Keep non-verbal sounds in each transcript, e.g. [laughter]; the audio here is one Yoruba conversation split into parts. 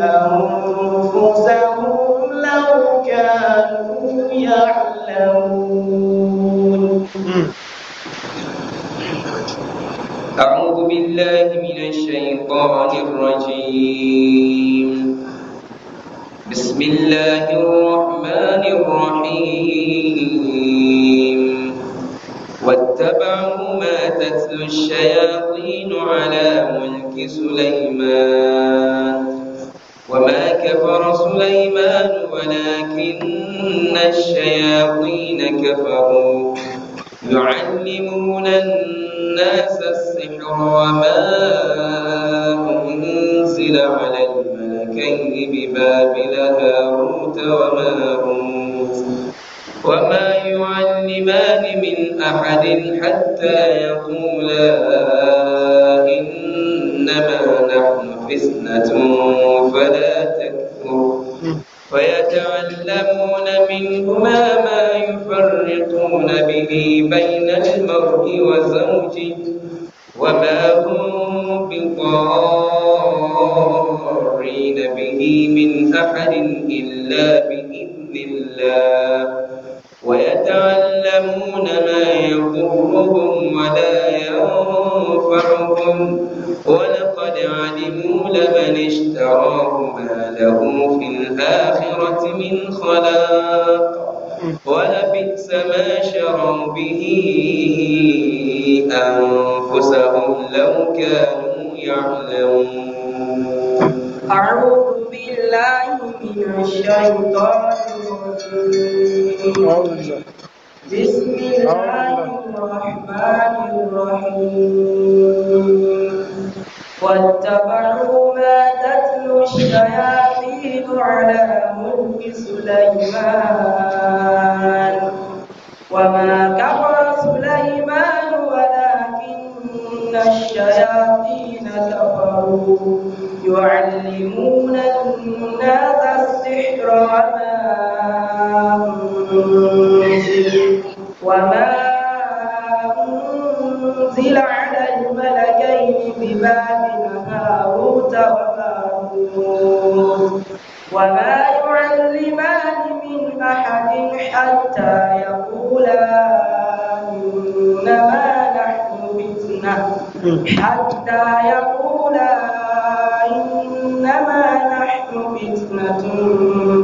أنفسهم لو كانوا يعلمون أعوذ بالله من الشيطان الرجيم بسم الله الرحمن الرحيم يعلمون الناس السحر وما أنزل وما أنزل على الملكين ببابل هاروت وماروت وما يعلمان من أحد حتى يقولا إنما نحن فتنة حتى يقولا فتنة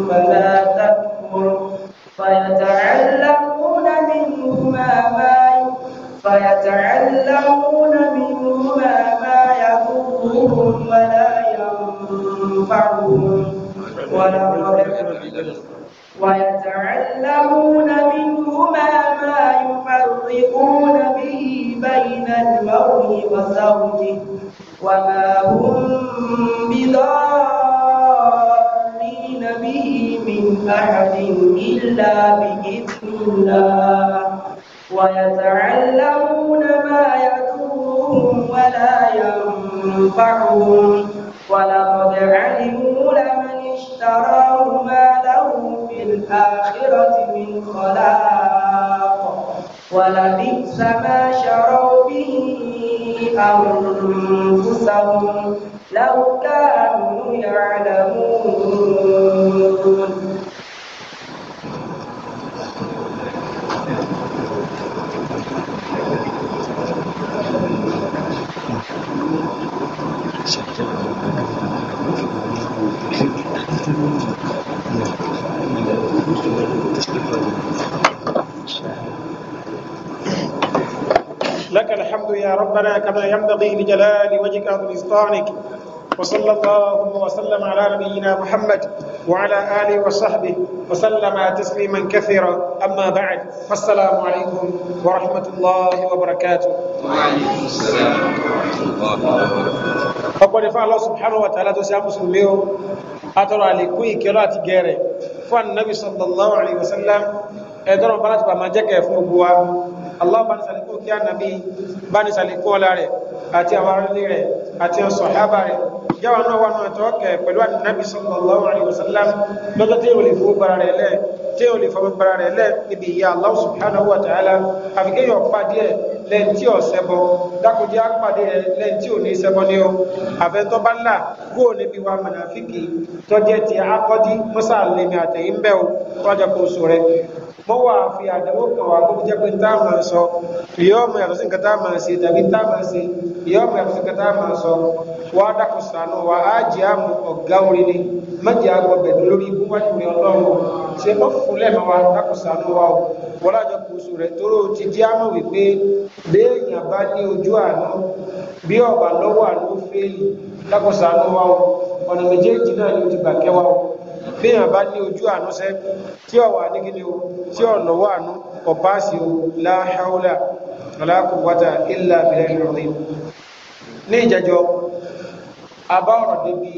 فلا تكفر فيتعلمون منهما ما فيتعلمون منهما ما يضرهم ولا ينفعهم ويتعلمون منهما ما يفرقون به بين المرء وزوجه وما هم بضار به من أحد إلا بإذن الله ويتعلمون ما يكون ولا ينفعهم ولقد علموا لمن اشتراه ما له في الآخرة من خلاق ولبئس ما شروا به أنفسهم لو كانوا يعلمون لك الحمد يا ربنا كما ينبغي لجلال وجهك وسلطانك وصلى الله وسلم على نبينا محمد وعلى آله وصحبه وسلم تسليما كثيرا أما بعد فالسلام عليكم ورحمة الله وبركاته وعليكم السلام ورحمة الله وبركاته أقول فعل الله سبحانه وتعالى تسعى مسلمين أترى لكي كرات جاري فالنبي صلى الله عليه وسلم ẹ̀dọ́rọ̀ bá láti pàmà jẹ́kẹ̀ẹ́ Allah bá ní sàlékò kí ànàbí bá ní sàlékò ọlá rẹ̀ àti àwọn aráàlú rẹ̀ àti sàhábà rẹ̀ jáwọn náà wà náà tọ́ọ̀kẹ̀ pẹ̀lú ànàbí sallallahu alaihi wasallam lọ́tọ́ tí ò lè fowó bara rẹ̀ lẹ̀ tí lẹ́ntí ọ̀sẹ́bọ dákùjẹ́ àpàdé rẹ lẹ́ntí ò ní sẹ́bọ ní ọ àfẹ́tọ́ bá ńlá kúrò níbi wa mọ̀nàfíkì tọ́jẹ́ ti akọ́dí mọ́sà lèmi àtẹ̀yìn bẹ́ẹ̀ o tọ́jọ́ kó so rẹ mọ́ wà fi àdánwò kan wà gbogbo jẹ́ pé tá a máa sọ ni má jẹ́ àgbọ̀bẹ̀ lórí ibú wájú mi ọlọ́run ṣe mọ́ fúnlẹ̀ bọ́lájọpọ̀sù rẹ̀ tóró ti dí àmọ̀ wípé béèyàn bá ní ojú àánú bí ọ̀bà lọ́wọ́ àánú fèèlì lákọ̀ọ́sà àánú wa o ọ̀nà méjèèjì náà ni ó ti gbà kẹwa o béèyàn bá ní ojú àánú sẹ́ tí ọ̀wà ní kíni o tí ọ̀lọ́wọ́ àánú ọ̀páàsì o la hawla wala quwwata illa billahi rẹ̀ ní ìjẹjọ́ abá ọ̀rọ̀ débi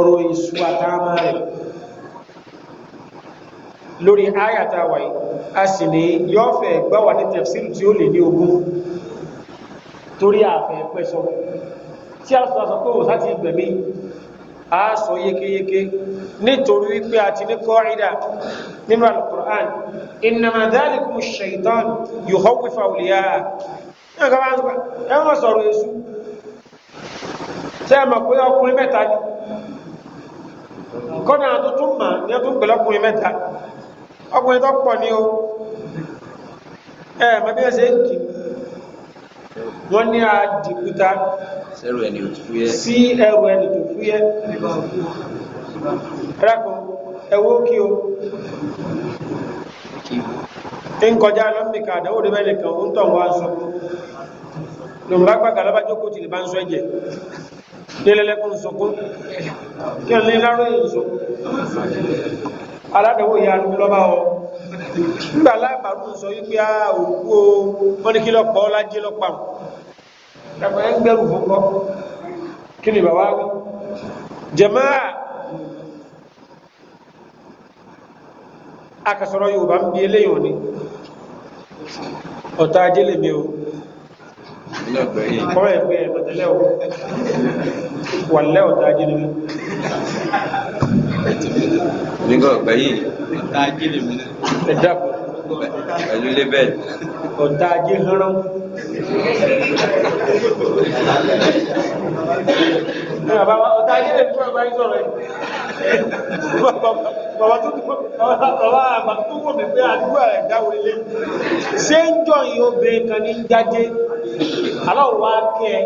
ọ̀rọ̀ ìṣù àtàmà rẹ̀ lórí ayata wáyé a sì ní yọ́fẹ̀ gbáwà ní tẹ̀fsírù tí ó lè ní ogún torí àfẹ́ pẹ́sọ tí a sọ sọ pé ò sáti gbẹ̀mí a sọ yékéyéké nítorí wípé a ti ní kọ́rídà nínú al-Qur'an innama dhalikum kọ́nà àtútù mà ní ọdún pẹ̀lọ́kùnrin mẹ́ta ọkùnrin tó pọ̀ ní o ẹ mọ bí ẹ ṣe ń kí wọn ní àdìkúta sí ẹrù ẹni tó fúyẹ́ rákùn ẹwọ́ kí o ń kọjá lọ́mìkà àdáwò rẹ̀ mẹ́rin kan ń tàn wá lòmùbá gbàgbà lábájókò tí lè bá ń sọ ẹ̀jẹ̀ nílẹ̀lẹ́kùn sọkún kí o ní láró èyí aládàwò ìyá lọ́bá ọ nígbà láàbàrún sọ wípé a òkú o wọ́n ní kí lọ́pọ̀ lájé lọ́pàá ẹ̀kọ́ ẹ̀ ń gbẹ̀rù fún kọ́ kí ni bàbá wí jàmáà akasọ̀rọ̀ Yorùbá ń bi eléyìn ni ọ̀tá ajé lè mi o kọ́rọ̀ ẹ̀gbẹ́ ẹ̀mọ̀tẹ́lẹ́ o wà lẹ́ ọ̀tá ajé lè mi nígbà ọ̀pẹ yìí. ọ̀tá ajé lè mú náà. ẹ dàpọ̀. pẹ̀lú label. ọ̀tá ajé hánrán. bàbá ọ̀tá ajé lè fún ẹgbẹ́ sọ̀rọ̀ yìí. bàbá tó bàbá àgbà tó wọ̀ mí pé àdúgbò rẹ̀ dáwọ́ ilé. ṣé ń jọ yìí obìnrin kan ní jáde aláwọ̀ wá kẹ́ ẹ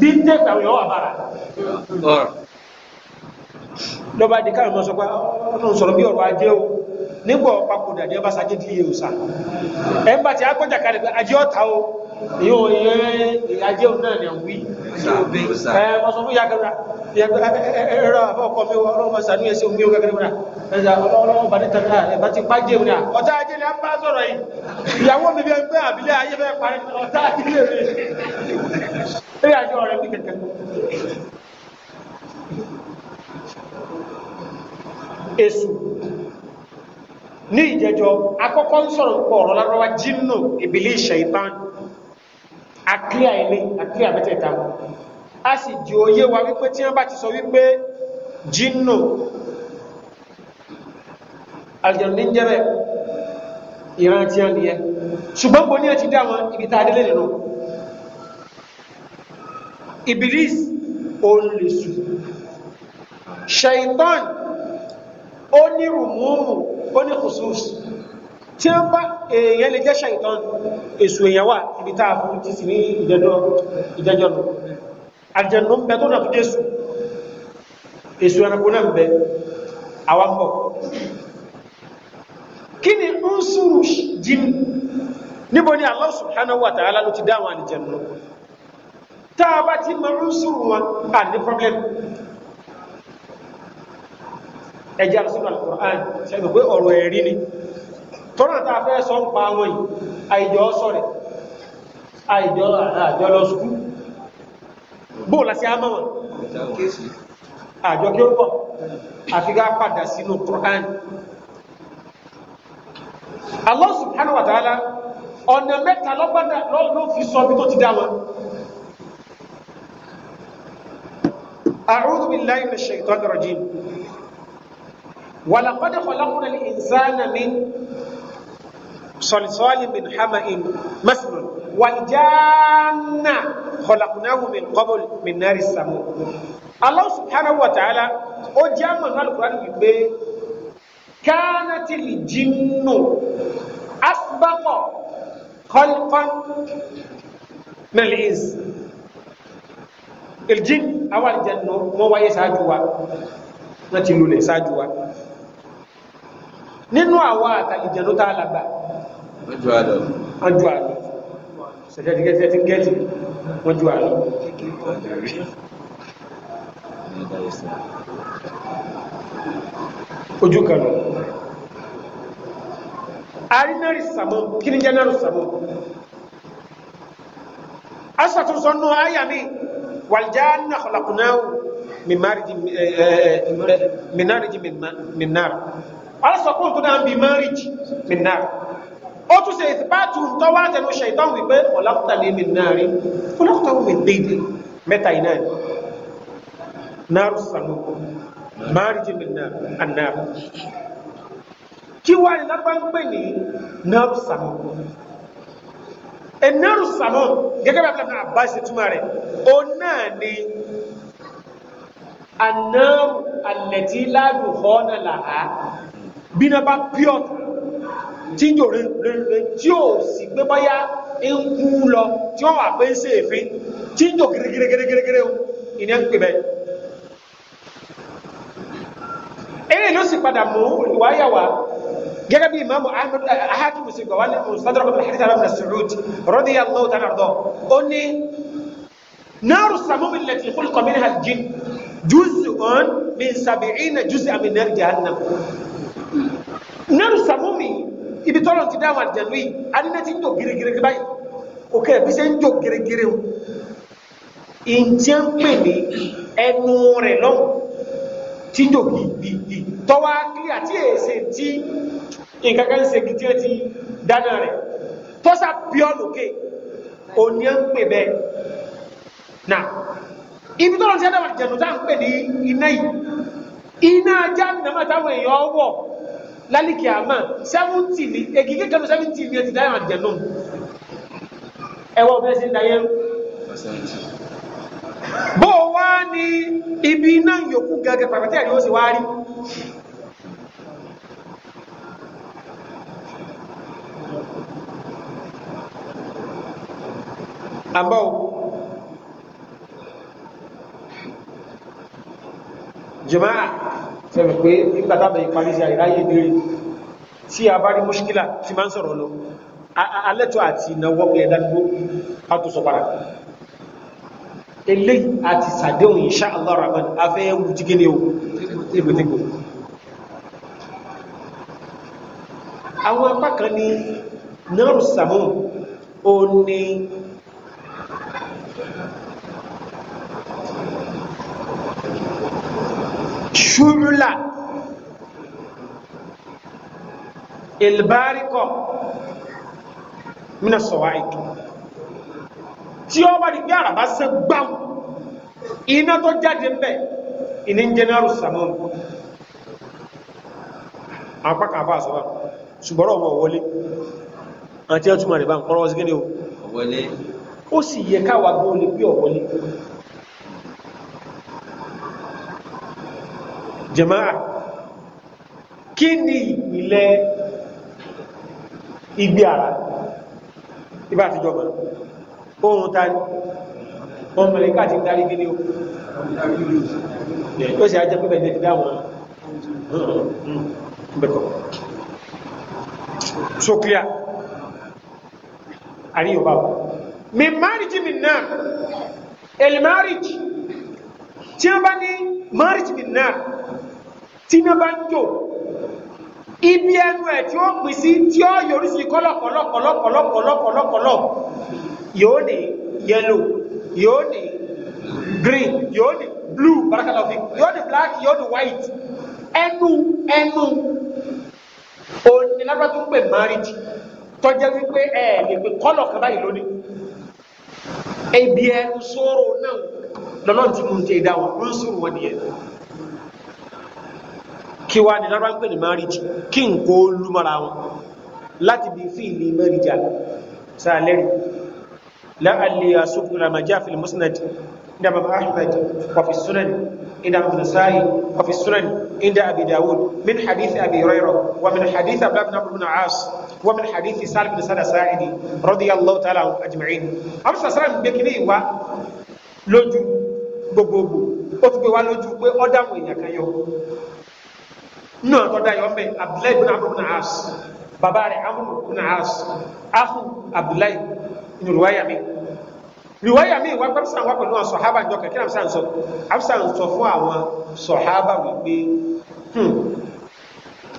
bí tẹ́gbàwé ọ̀ àbára. ọ̀rọ̀ lọ́ba di káàmù sọ pé ọlọ́run sọ̀rọ̀ bí ọ̀rọ̀ ajé o nígbà papòdà ní ọba sàjé díye òsà ẹ̀ ń bá ti akọ́jà kalẹ̀ pé ajé ọ̀tá o yóò yẹ ajé òun náà ní àwí ẹ̀ mọ̀ sọ fún yàgàrà ẹ̀rọ àbọ̀kọ mi ọlọ́run bá sànú ẹsẹ̀ omi ọgá gẹ́gẹ́ náà ọlọ́run bá ní tẹ̀lé ẹ̀bá ti pàjẹ́ mi náà ọ̀tá ajé ni a ń bá sọ̀rọ̀ yìí ìyàwó mi bẹ́ẹ̀ pé àbílẹ̀ ayé bẹ́ẹ̀ parí ọ̀tá ajé mi. èsù ní ìjẹjọ akọ́kọ́ ń sọ̀rọ̀ pọ̀ ọ̀rọ̀ lárọ́wá jínú ìbílí ìṣẹ̀ìtàn àkíyà ilé àkíyà mẹ́tẹ̀ẹ̀ta a sì jí òye wa wípé tí wọ́n bá ti sọ wípé jínú aljẹ̀rún ní jẹ́rẹ̀ ìran tí a nìyẹ ṣùgbọ́n bó ní ẹ ti dá wọn ibi tá adélé nínú ibilis olùsù ó ní rùmúùmù ó ní kùsùs tí ó bá èèyàn lè jẹ́ ṣàìtàn èsù èèyàn wà ibi tá a fún títí ní ìjẹjọ́ nù àjẹ̀nù ń bẹ tó nàtú jésù èsù ẹranko náà ń bẹ àwọn kí ni ń sùúrù jí níbo ni Allah subhanahu wa ta'ala ló ti dáwọn àjẹ̀nù a bá ti mọ̀ ń sùúrù wọn à ní pọ́blẹ́mù ẹjá sínú alkùnrán ṣẹ́gbẹ̀ pé ọ̀rọ̀ ẹ̀rí ni tọ́nà tàà fẹ́ sọ ń pa àwọn yìí àìjọ sọ̀rẹ̀ àìjọ lọ sùkú bóòlá sí àmọ́wọ̀n àjọ kí ó pọ̀ àfíká padà sínú kùnrán Allah subhanahu wa ta'ala ọ̀nà mẹ́ta lọ́gbọ́dá ló fi sọ bí tó ti dá wọn أعوذ بالله من الشيطان الرجيم ولقد خلقنا الإنسان من صلصال من حمأ مسنون والجان خلقناه من قبل من نار السموم الله سبحانه وتعالى أجمع القرآن بيه كانت الجن أسبق خلقا من الإنس الجن أول جن مو ويساجوا نتلولي ساجوا nínú àwọn àtàlìjẹ̀lú tá alàgbà ọjọ́ àlọ́ ọjọ́ àlọ́ sẹ̀tẹ̀tẹ̀tẹ̀tẹ̀tẹ̀tẹ̀ ọjọ́ àlọ́ ojú kanú arinari samu kini jẹ́nàrù samu asàtún sọ́nà ayàmí wàlìjáàna ọ̀làkùnáwò minariji eh, eh, eh, minna alásọ̀kún tó dáa ń bí marriage minna ó tún ṣe ìsìpáàtù tó wá tẹnu ṣẹ̀tàn wípé ọ̀làkùtà lè minna rí ọlọ́kùtà wù mí dédé mẹ́ta iná ni náàrù sàmù marriage minna anáàrù kí wá ní lágbá ń pè ní náàrù ni anáàrù alẹ́tí ládùn họ́nà làá bí náà bá pure tí jò rẹ̀ tí ó sì gbé bọ́yá ń kú lọ tí wọ́n wà pé ń ṣe èéfín tí jò gírígírígírígírí ìní ń pè bẹ́ẹ̀ eré ló sì padà mú ìwáyàwá gẹ́gẹ́ bí imaamu ahakimu sí gbà wà ní mustadrak al-hadith alamna Saud radiyallahu ta'ala anhu ó ní náàrù samum allati khulqa minha al ibi tọ́lọ̀ ti dáwà jẹ̀lú yìí adínẹ́ ti ń jò gírígírí báyìí òkè bí ṣe ń jò gírígírí o ìjẹ́ ń pè ní ẹnu rẹ̀ lọ́wọ́ tí ń jò gírígírí tọ́wá kílí àti èsè tí nǹkan kan ṣe gidi ti dáná rẹ̀ tọ́sà bíọ́lùkè òní ń pè bẹ́ẹ̀ nà ibi tọ́lọ̀ ti dáwà jẹ̀lú tá ń pè ní iná yìí iná ajá nìyàmá lálìkì àmà sẹ́fúntì ni èkìkí kanú sẹ́fúntì ni ẹ̀tì dáyà àjẹ̀nù ẹwọ́ bẹ́ẹ̀ sí dáyẹ́ bó wá ní ibi náà yòókù gẹ́gẹ́ pàpàtẹ́ àríwó sì wá rí àbọ̀ jùmọ́ sẹ́mi pé nígbà tábẹ̀ ìparí sí àìráyè ìbéèrè tí a bá rí múṣkílà tí máa ń sọ̀rọ̀ lọ alẹ́tọ̀ àti ìnáwó pé ẹ̀dá gbó a tó sọ padà eléyìí àti sàdéhùn insha Allah rahman afẹ́ wù jígé ní o ìgbètèkò àwọn apá kan ní náà sàmù ó ní ṣúrúlà ìlbárikọ̀ mínà sọ̀wá ìtù tí ó bá di pé àràbá sẹ gbáhùn iná tó jáde ń bẹ ìní jẹ́nàrù sàmọ́n àpákà àbá àsọ́bà ọmọ wọlé àti ẹtùmọ̀ rẹ̀ ń kọ́rọ̀ sí gẹ́ni ó sì yẹ káwà gbóòlé pé ọ̀wọ́lé jama'a kí ni ìpìlẹ̀ igbe ara ibá àtijọ́ mọ̀ ohun ta ni wọn mẹ̀rẹ̀ káàkiri darí gíní o yóò sì ajẹ́ pẹ́bẹ̀ jẹ́ dáwọn bẹ̀kọ̀ so clear àríyànbá mi marriage mi náà el marriage tí a bá ní marriage mi náà tí iná bá ń jò ibi ẹnu ẹ̀ tí ó pín sí tí ó yọrí sí kọ́lọ̀kọ́lọ̀kọ́lọ̀kọ́lọ̀kọ́lọ̀ yóò ní yellow yóò ní green yóò ní blue barakalofi yóò ní black yóò ní white ẹnu ẹnu onílábà tó ń pè marriage tọ́jẹ́ wípé ẹ̀ lè pè kọ́lọ̀ kan báyìí lónìí ibi ẹnu sóró náà lọ́lọ́ ti mú un tẹ̀ dá wọn ló ń sòrò wọn kí wá ní lára ń pè ní marriage kí n kó lúmọ́ra wọn láti bí fíìlì marriage sàlẹ́rì láàlẹ́ àṣùkúnra majá fil musnad inda baba ahmed wafi sunan inda abu nasa'i wafi sunan inda abi dawud min hadith abi lójú gbogbogbò ó tún gbé wá lójú pé ọdáwọn èèyàn kan yọ nínú ọ̀tọ̀ dá yọ̀ mẹ́ abdullahi bin amr bin as bàbá rẹ̀ amr bin as ahu abdullahi ní ruwaya mi ruwaya mi wá pẹ́pẹ́ sàn wá pẹ̀lú àwọn sọ̀hábà jọ kẹ̀kẹ́ àmì sàn sọ àmì sàn sọ fún àwọn sọ̀hábà wípé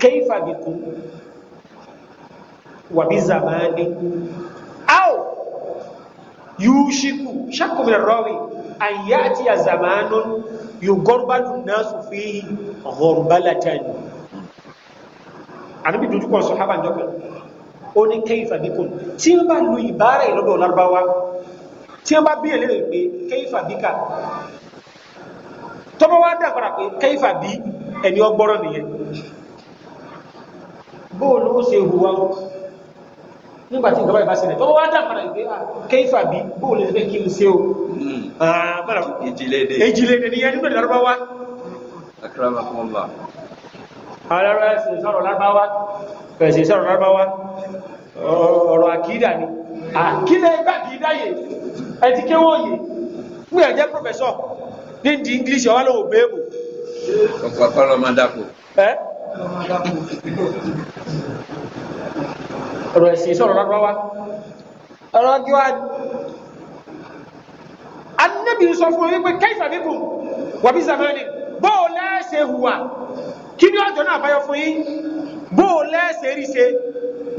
kéfà bìkú wàbí zamani áò yúṣíkù ṣàkùnrin rọ́wì àyàtì àzàmánú yóò gọ́rbàlù náà sùfí gọ́rbàlátàni àníbì dojúkọ sọ̀hábà ìjọkọ̀ ó ní kẹ́yìfà bí kùn tí wọ́n bá lu ìbára ìlọ́dọ̀ lárúbáwá tí wọ́n bá bí èlérè pé kẹ́yìfà bí kà tọ́bọ̀ wá dà padà pé kẹ́yìfà bí ẹni ọgbọ́rọ̀ nìyẹn bóòlù ó ṣe hùwà nígbàtí ìjọba ìbá sílẹ̀ tó wá dáfàrà ìgbé ah, kéfà bí bóòlù ẹgbẹ́ kí n ṣe o ìjìlédé ní ẹni lọ́dọ̀ lọ́rọ̀ wá alára ẹ̀sìn sọ̀rọ̀ lárúbáwá ẹ̀sìn sọ̀rọ̀ lárúbáwá ọ̀rọ̀ àkídà ni àkílẹ̀ gbàkídà yìí ẹ ti kéwọ́ yìí fún ẹ̀jẹ̀ pòfẹ́sọ̀ ní di English ọ̀wá lóò bẹ́ẹ̀bù. ọ̀pọ̀lọpọ̀ máa dàpọ̀. ẹ ọ̀rọ̀ ẹ̀sìn sọ̀rọ̀ lárúbáwá ọ̀rọ̀ ọjọ́ anábì sọ fún ọ wípé káìfà bíkùn wàbí zamani bọ́ọ̀ kí ni ọjọ́ náà báyọ fún yín bó o lẹ́ẹ̀ṣẹ̀ rí ṣe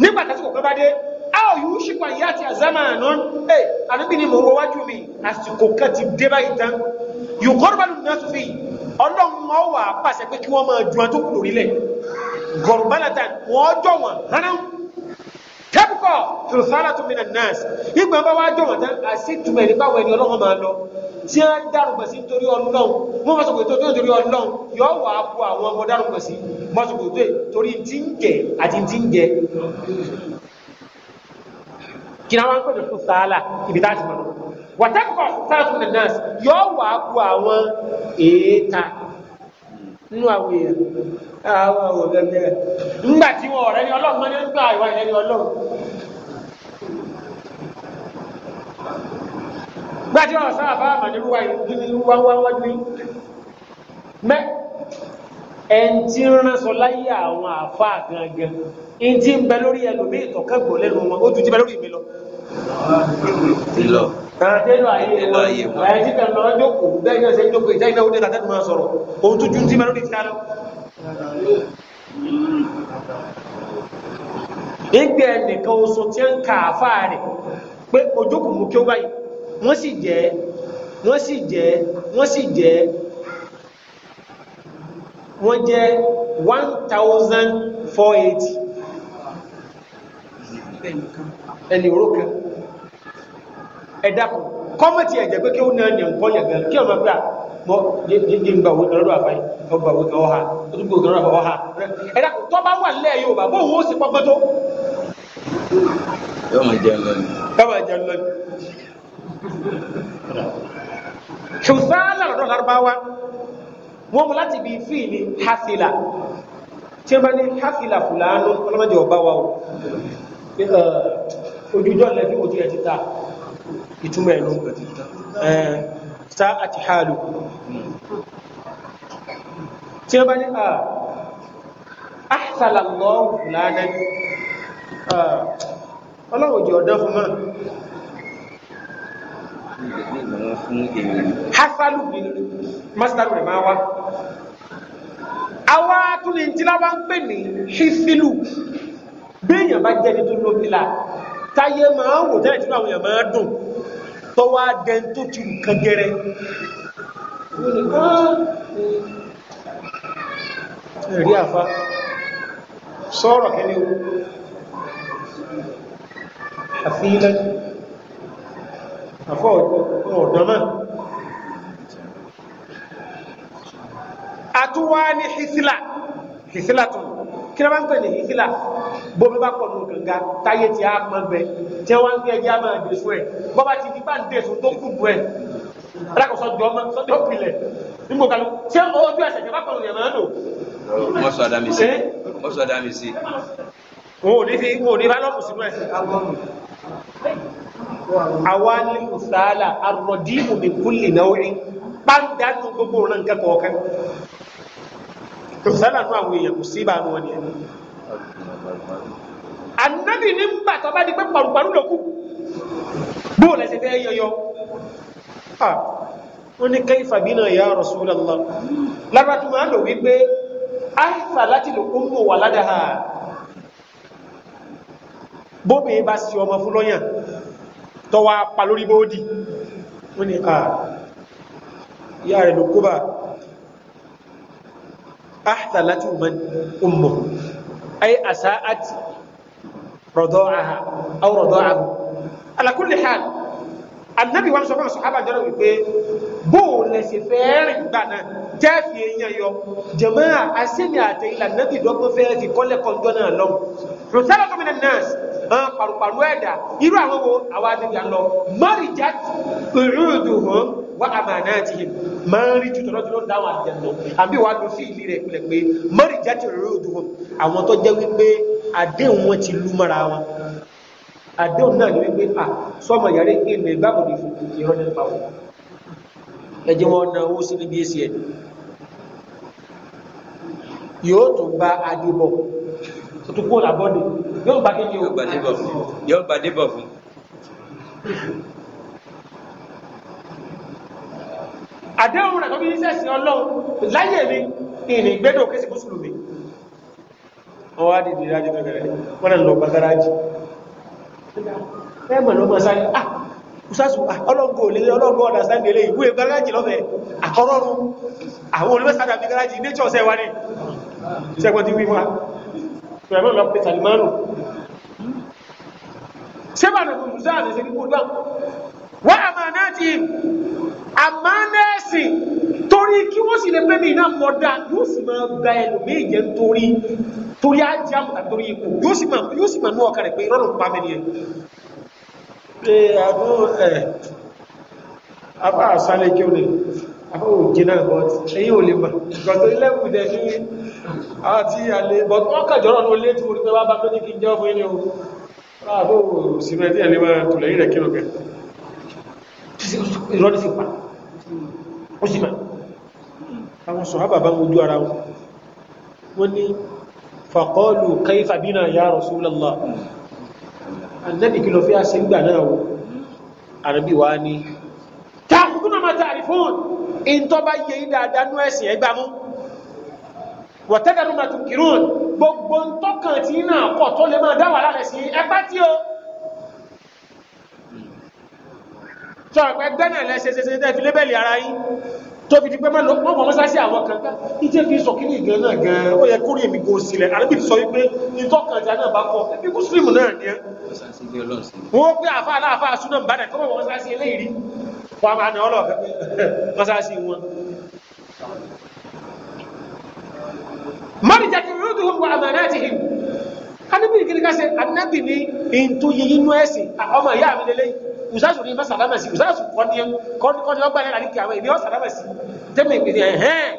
nígbà tásìkò kan dé a ò yú ṣípa ìyá àti àzámà àná ẹ àdúgbì ni mò ń wájú mi àsìkò kan ti dé báyìí tán yòókọ́rọ́bálù náà tún fi ọlọ́run ọ wà pàṣẹ pé tẹ́bùkọ̀ tùrùsálàtù mi náà nọ́ọ̀sì ìgbà bá wá jọ̀wọ̀ tán àṣetùmẹ̀ nípa wẹ̀ ni ọlọ́run máa lọ tí wọ́n dárúgbà sí nítorí ọlọ́run wọ́n mọ̀ sọ̀kò tó nítorí ọlọ́run yọ wà á bu àwọn ọmọ dárúgbà sí mọ̀ sọ̀kò tó torí ti ń jẹ àti ti ń jẹ. kí ni àwọn ń pè ní tùrùsálà ibi tá a ti mọ̀ wọ́n tẹ́bùkọ̀ tùrùsálàtù mi náà nọ́ọ̀sì yọ wà á bu àwọn èèta nínú àwọn èèyàn àwọn àwọn ọ̀gá bẹ́ẹ̀ nígbà tí wọn ọ̀rẹ́ ní ọlọ́run mọ́ ní gbà ìwà ìrẹ́ ní ọlọ́run gbà tí wọn sáà bá àmà nínú wa ìlú wá wá wá ní mẹ́ ẹn tí ń rán sọ láyé àwọn àfáà gangan ẹn tí ń bẹ lórí ẹlòmíì tọ̀kẹ́gbò lẹ́nu wọn ó ju ti bẹ lórí mi lọ ìlọ ẹ̀rọ̀dẹ́nu ayé wọn ẹ̀yẹ tí kẹ̀lọ́ jókòó bẹ́ẹ̀ yẹn ṣe jókòó ìjẹ́ ìnáwó dé látẹ́tù máa sọ̀rọ̀ ohun tó ju ti mẹ́rin ti lọ. ìgbẹ́ nìkan oṣù tí ń ka àfáà rẹ̀ pé ojókòó mú kí ó báyìí wọ́n sì jẹ́ wọ́n sì jẹ́ wọ́n sì jẹ́ wọ́n jẹ́ one thousand four eighty ẹni òrókan ẹ̀dàkùn kọ́mọ̀tì ẹ̀jẹ̀ pé kí ó náà yàn kọ́ yàgàn kí ọmọ gbà mọ́ ní gbà ọdọ́dọ́ àfáì ọgbà ọha ọdúgbò ọdọ́dọ́ ọha ẹ̀dàkùn tó bá wà lẹ́ yóò bá bó wo sì pọ́pọ́ tó. yóò máa jẹun lọ ni. yóò máa jẹun ni. ṣùgbọ́n lọ́dọ̀ lárúbáwá wọ́n mú láti bí fíìmì hasila tí wọ́n bá ní hasila fúlàánú ọlọ́mọdé ọba wa ojújọ́ lẹ́fí ojú ẹ̀ ti ìtumọ̀ ẹ̀nu sáà àti hálù tí ó bá ní ahsalallahu lánàá ọlọ́wọ̀ jẹ́ ọ̀dọ́ fún náà hasalu bin master rẹ̀ máa wá awá tún ní tí lábá ń pè ní hisilu bí èèyàn bá jẹ́ ní tó táyé máa wò tẹ́lẹ̀ tí àwọn èèyàn máa dùn tó wá dẹn tó ti nǹkan gẹrẹ ah, ẹ̀rí àfá sọ́rọ̀ kẹ́lé o àfi ilẹ̀ àfọ́ ọ̀dọ́mọ́ àtúwá ní hìsílà hìsílà tún kí ló bá ń pè ní ìkílà bómi bá pọ̀ nù gànga táyé tí a mọ̀ bẹ tí wọ́n ń gbé ẹjẹ́ àmọ́ ìdèsù ẹ̀ bọ́ bá ti di bá ń dèsù tó kù bú ẹ̀ alákòóso jọ ọmọ sọjọ́ pilẹ̀ nígbò kalu tí ó ojú ẹsẹ̀ jẹ́ bá pọ̀ nìyẹn máa ń lò. wọ́n sọ àdámi sí wọ́n sọ àdámi sí. wọn ò ní fi wọn ò ní bá lọ́ọ̀kù sínú ẹ̀. àwa ní ìsàlà arọ̀dí òmìnkú lè náwó rí pàǹdà tó gbogbo òun náà nǹkan kọ̀ọ̀kan sálànú àwọn èèyàn kò sí ìbánu wọn nìyẹn ànábì ní gbà tó bá di pé pàrùpàrù ló kù bó lẹsẹ fẹ yọyọ wọn ní kẹfà bí náà ya Rasulullah lára tó máa lò wípé àìsà láti lò ó mú wà ládàá bóbi bá sí ọmọ fún lọ́yàn tó wá pa lórí bóódì wọn ni ìyá rẹ̀ ló ahtalatu man ummu ay asa'at rada'aha aw rada'ahu ala kulli hal annabi wa sọ́kọ́ sọ́hábà jọ́rọ̀ wípé bóò lẹ́sẹ̀ fẹ́ẹ̀rìn gbà náà tẹ́ẹ̀fì èèyàn yọ jẹ̀mọ́ àṣẹ́mì àtẹ̀yìnlá náà ti dọ́gbọ́n fẹ́ẹ̀ fi kọ́lẹ̀kọ́ jọ náà lọ́wọ́ rọ̀tẹ́lẹ̀ gómìnà nọ́ọ̀sì hàn paruparu ẹ̀dá irú àwọn wo àwọn adébíyà ń lọ mọ́rì já ìrúdù hàn wá àmàna ti hìm mọ́rì jù tọ́lọ́ tọ́lọ́ dáwọn àjẹ́ lọ àbí wàá lọ sí ìlú rẹ̀ pẹ̀lẹ́ pé mọ́rì já ti ìrúdù hàn àwọn tó jẹ́ wípé àdéhùn wọn ti lú mọ́ra wọn àdéhùn náà ni wípé à sọmọ yàrá ìpínlẹ̀ ìbámu ni fún ìrọ́ nípa wọn ẹjẹ́ wọn náà ó sí níbi èsì yóò tún bá adébọ̀ tó tún kó yóò gbà kéde o yóò gbà débọ̀ fún. àdéhùn rẹ̀ tó bí iṣẹ́ sí ọlọ́run láyé mi ìní gbẹ́dọ̀ kéṣe mùsùlùmí wọ́n wá dìde ìrájú gẹ́gẹ́rẹ́ wọ́n lè lọ bá gáràjì ẹ̀mọ̀ ló mọ̀ sáré ah kùsásù ah, ọlọ́gbọ̀ olèrè ọlọ́gbọ̀ ọ̀dàstáńdì ilé ìwé gáràjì lọ́fẹ́ àkọrọrùn ah, àwọn olùmẹ́sàdàbí gáràjì nature ọ̀sẹ̀ wá ní ṣẹ́gbọ́n ti wí wá sọ̀rọ̀ lọ pé Salmanu ṣé bàdà kò mú torí kí wọ́n sì lè pẹ́ mi náà mọ̀ yóò sì máa gba ẹlòmíì jẹ́ nítorí torí ajé àmọ̀tà torí ipò yóò sì máa yóò sì rẹ̀ pé rọ́nà pa mẹ́ni ẹ̀. pé àbú ẹ̀ abá kí o lè abá òjì náà bọ́ ẹ̀yìn ò mọ̀ gbọ́dọ̀ ilé àti àlè but wọ́n kàjọ́rọ̀ ní olé tí mo rí pé wá bá pé ní kí n jẹ́ fún ilé o ráàbò òsìnrẹ́ tí ẹ̀lẹ́ máa tùlẹ̀ yìí rẹ̀ kí lọ́gẹ̀ ìrọ́lì sí pa ó sì máa àwọn sọ̀hábà bá mojú ara wọn wọ́n ní faqalu kayfa bina ya Rasulullah annabi kí lọ fí àṣẹ gbà náà wọ àrẹ́bí wa ní tààkùnkùn náà wọ̀tẹ́dàrú ma tún kìrún gbogbo tọ́kàn tí náà kọ̀ tó lè máa dáwà lálẹ́ sí ẹpá tí ó tọ́ ẹ̀pẹ́ gbẹ́nà lẹ́sẹsẹsẹ tẹ́ fi lébẹ̀lì ara yín tó fi di pé mọ́lọ wọ́n mọ́ sásí àwọn kan ìjẹ́ fi sọ kíní ìgbẹ́ náà gan ó yẹ kórè mi gan sílẹ̀ àbí sọ wípé ìtọ́kàn tí a náà bá kọ ẹbí mùsùlùmù náà ni ẹ́ wọ́n pé àfa aláàfáà súnà bàdà kọ́mọ̀ wọ́n sásí eléyìí rí wọ́n máa nà ọlọ́ọ̀fẹ́ [laughs] mọ́sásí wọn wa amanatihim káníbì kiri ká ṣe anábì ní ìntò yìí inú ẹ̀sìn ọmọ ìyá mi lélẹ́yìn ìsáàsù ní ìfẹ́sàlámà sí ìsáàsù kọ́ni ọgbà ní àríkì àwọn ènìyàn sàlámà sí tẹ́mẹ̀ ìpèsè ẹ̀hẹ́n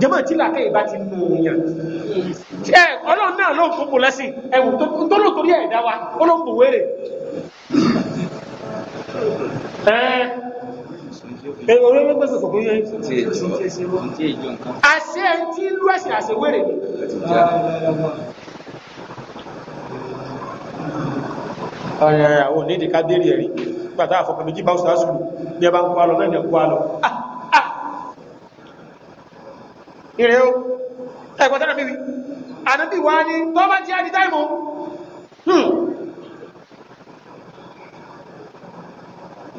jẹ́mọ̀ tí làkẹ́ ìbá ti mú òyìn ẹ̀ ọlọ́run náà ló ń fún bùlẹ́sìn ẹ̀wù tó ló torí ẹ̀dá wa ó ló ń bùwérè ẹ̀rọ orí ẹgbẹ́ gbèsè kòkó yẹ àṣẹ ẹni tí lú ẹ̀sìn àṣẹwérè ni ọ̀rẹ́ àwọn onídìí ká dérí ẹ̀rí gbàtà àfọkàn méjì bá ó sàásù bí ẹ bá ń kó alọ náà ní ẹkó alọ ìrẹ́ ah, ah. o ẹ̀kọ́ tẹ́lẹ̀ bíbí àdúgbì wá ní tọ́ bá ti á di táìmù hmm.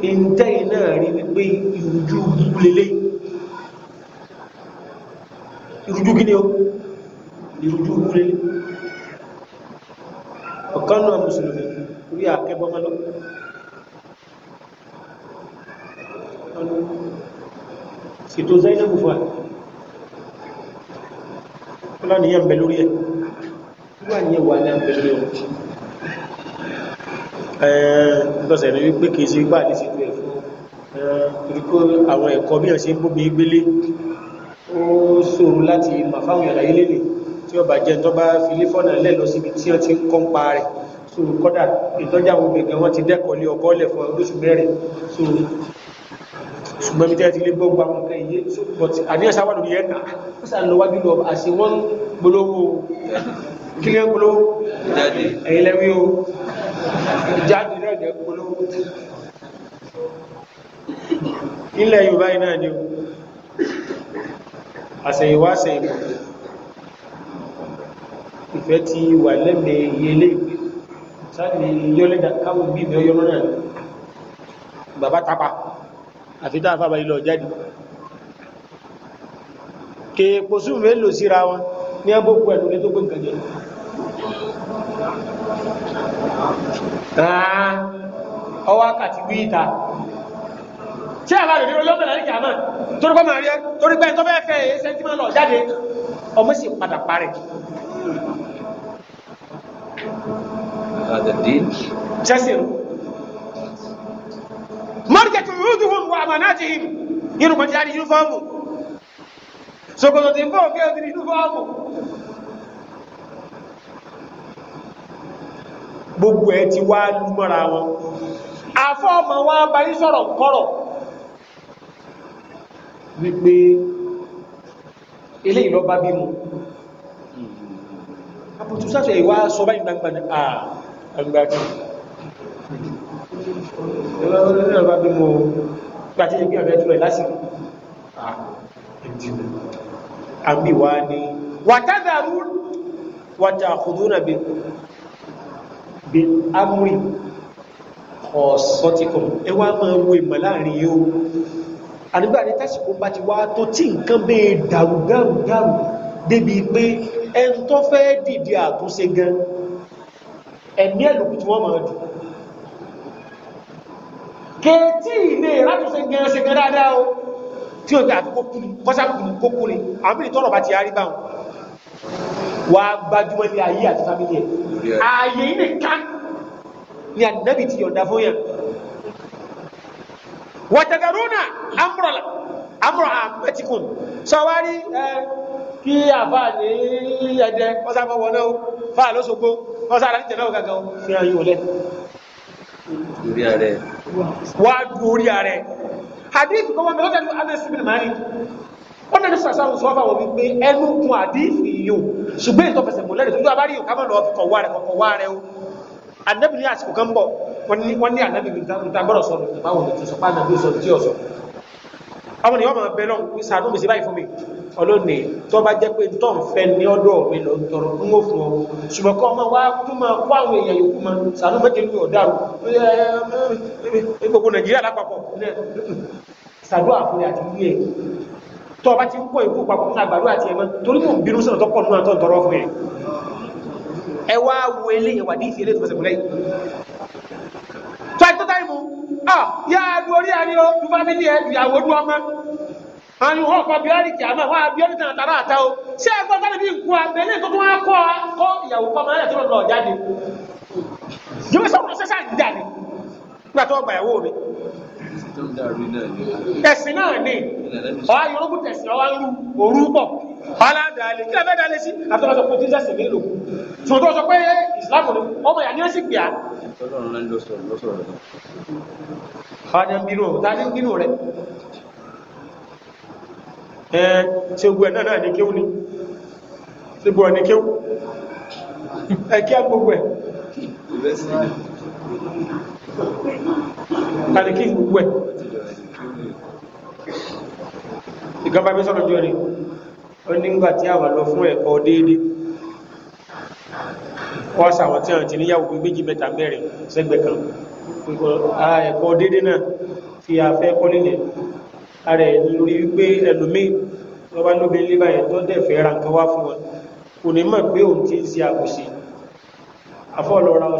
ìntẹ́yìn náà rí wípé ìrújú gúlélé ìrújú kí ni ó ìrújú gúlélé ọ̀kan náà mùsùlùmí orí àkẹ́bọ́mọ́lọ́ ètò zainabu fà fúlàníyàn bẹ̀ lórí ẹ̀ fúlàníyàn wà ní àbẹ̀lórí ọ̀rọ̀ lọ́sẹ̀ ní wípé kìí sí gbáà ní ṣètò ẹ̀fọ́ ìrìkó àwọn ẹ̀kọ́ bí ọ̀sẹ̀ bóbi gbélé ó ṣòro láti mà fáwọn ìyàrá ilé nì tí ọba jẹ́ tó bá fi lé fọ́nà lẹ́ lọ síbi tí wọ́n ti ń kọ́ ń pa rẹ̀ so kọ́dà ìtọ́jà àwọn obìnrin wọn ti dẹ́kọ̀ọ́ lé ọkọ́ lẹ̀ fún olóṣù mẹ́rin so ṣùgbọ́n mi tẹ́ ti lé gbọ́gbà ìjáde náà jẹ́ polówó ilẹ̀ Yorùbá iná ni o àṣẹ̀yìnwá àṣẹ̀yìnbọ̀ ìfẹ́ ti wà lẹ́mẹ̀ ilé ìwé sáàdì yọ́lẹ́dà káwọn bí ìbẹ̀ yọ́rọ̀ náà bàbá tapa àfi tá àfàbà ilọ̀ jáde kèèpò sùn mélòó síra wọn ní ẹgbógbò ẹ̀lú lé tó gbé nǹkan jẹ Ah, ọwọ́ àkàtì wí ìta tí àbá lòdì olóògbé láríkì àmà torí pé màá rí ẹ torí pé tó bẹ́ẹ̀ fẹ́ èyí sẹ́ńtì máa lọ jáde ọmọ sì padà parẹ́. jẹ́sìn mọ́rìkẹ̀tì rúdùhùn wà àmànátìhìn nínú kọjá ní yúnífọ́ọ̀mù sokoto tí ń bọ̀ kí o ti ní yúnífọ́ọ̀mù gbogbo ẹ ti wá lúmọ́ra wọn afọ́ọ̀mọ̀ wọn bá yí sọ̀rọ̀ kọ́rọ̀ wípé ilé ìlọ bá bí mu àpòtù sáṣẹ̀ ìwá sọ báyìí gbangba ní àgbà tí ìlọ bá bí mu gbàtí ìgbé ọ̀rẹ́ tó rẹ̀ lásìkò àmì wá ní wàtàdàrú wàtàkùdúnà bí bí amúrì ọ̀sọ́tíkùn ẹwà máa wo ìmọ̀ láàrin yóò àdúgbà ní tásìkò bá ti wá tó tí nǹkan bẹ́ dàrú dàrú dàrú débi pé ẹn tó fẹ́ dìde àtúnṣe gan ẹ̀mí ẹ̀lùkù tí wọ́n máa dù kẹtí ilé látúnṣe gan ṣe gan dáadáa o tí ó gbà kókúni kọ́sàkùnrin kókúni àmì ìtọ́rọ̀ bá ti arí báwọn wà á gbájúmọ́ ní ayé àti fámílì ẹ̀ ààyè ilé ká ni ànábì ti yọ̀ǹda fún yẹn wàtàdàrúnà amúrọ̀ àmẹ́tìkùn sọwárí ẹ kí àfà ní ẹ̀dẹ ọ̀sáfọwọ́ náà fà lọ́sọ̀gbó ọ̀sára ní tẹ̀lẹ́wọ̀ gàgà fi hàn yóò lẹ́ wà á ààrẹ wọ́n náà ní sàṣàrùn sọ́fà wọ́n wípé ẹnu kun àdífì yóò ṣùgbọ́n ìtọ́ fẹsẹ̀ mọ̀lẹ́rì tó yóò bá rí yóò kámọ̀ lọ kọ̀ wá rẹ̀ kọ̀ wá rẹ̀ o ànábì ní àsìkò kan bọ̀ wọ́n ní ànábì níta gbọ́dọ̀ sọ̀rọ̀ báwo ni tó sọ pé ànábì sọ̀rọ̀ tí ò sọ. ọmọ nìyọ́ máa bẹ lọ́n sàánú mi sí báyìí fún mi ọlọ́ni tó bá jẹ́ pé tọ́ ń fẹ́ ní ọ̀dọ̀ mi lọ tọrọ ń wò fún ọ ṣùgbọ́n kọ́ ọmọ wa kú máa kó àwọn èèyàn yòókù máa sàánú méje ní ọ̀daràn gbogbo tó ọba ti ń pọ̀ ìkú papọ̀ fún àgbàdo àti ẹ̀mọ́ torí mò ń bínú sọ̀rọ̀ tó pọ̀ nínú àtọ́ ìtọ́rọ fún ẹ̀ ẹ wá wo eléyìí wà ní ìfìyẹ́lẹ́ tó fẹsẹ̀ múlẹ̀ tó ah, ẹ tó táyì mú ọ yá adu orí àní o tó bá nílé ẹ ìyàwó dún ọmọ àwọn ọmọ ọkọ bíọ́lì kì àmọ́ àwọn abíọ́lì tàn àtàrà àtà o ṣé ẹ gbọ́ gánà bí nkú abẹ́lé tó tún wá kọ́ ọ ìyàwó kọ́ máa ń yàtọ̀ lọ jáde yóò sọ wọn sẹ́sà jáde nígbà tó ọgbà ìyàwó mi tẹ̀sìn náà ni ọ̀ ayọ̀rọ̀kù tẹ̀sìn ọwá rú òru pọ̀ aládàálẹ̀ kí lẹ́fẹ́ dálé sí àtọ́lọ́sọ pé jesus ní lò tó tó sọ pé islam ní ọmọ ìyá ní ó sì pè á. ọ̀dẹ̀ ń bínú ọ̀tá ní bínú rẹ̀ ẹ̀ tí ogun ẹ̀ náà ní kéwú ni tí ogun ẹ̀ ní kéwú ẹ̀ kí á gbogbo ẹ̀ tàbí kí gbogbo ẹ̀ ìgbàmbá mi sọ̀rọ̀ jọ ni ó nígbà tí àwọn lọ fún ẹ̀kọ́ déédéé wọ́n sàwọn tí àwọn ti níyàwó pé méjì mẹ́ta mẹ́rin sẹ́gbẹ̀ kan ẹ̀kọ́ déédéé náà fi afẹ́ kọ́lé yẹn ààrẹ lórí wípé ẹlòmíì wọ́n bá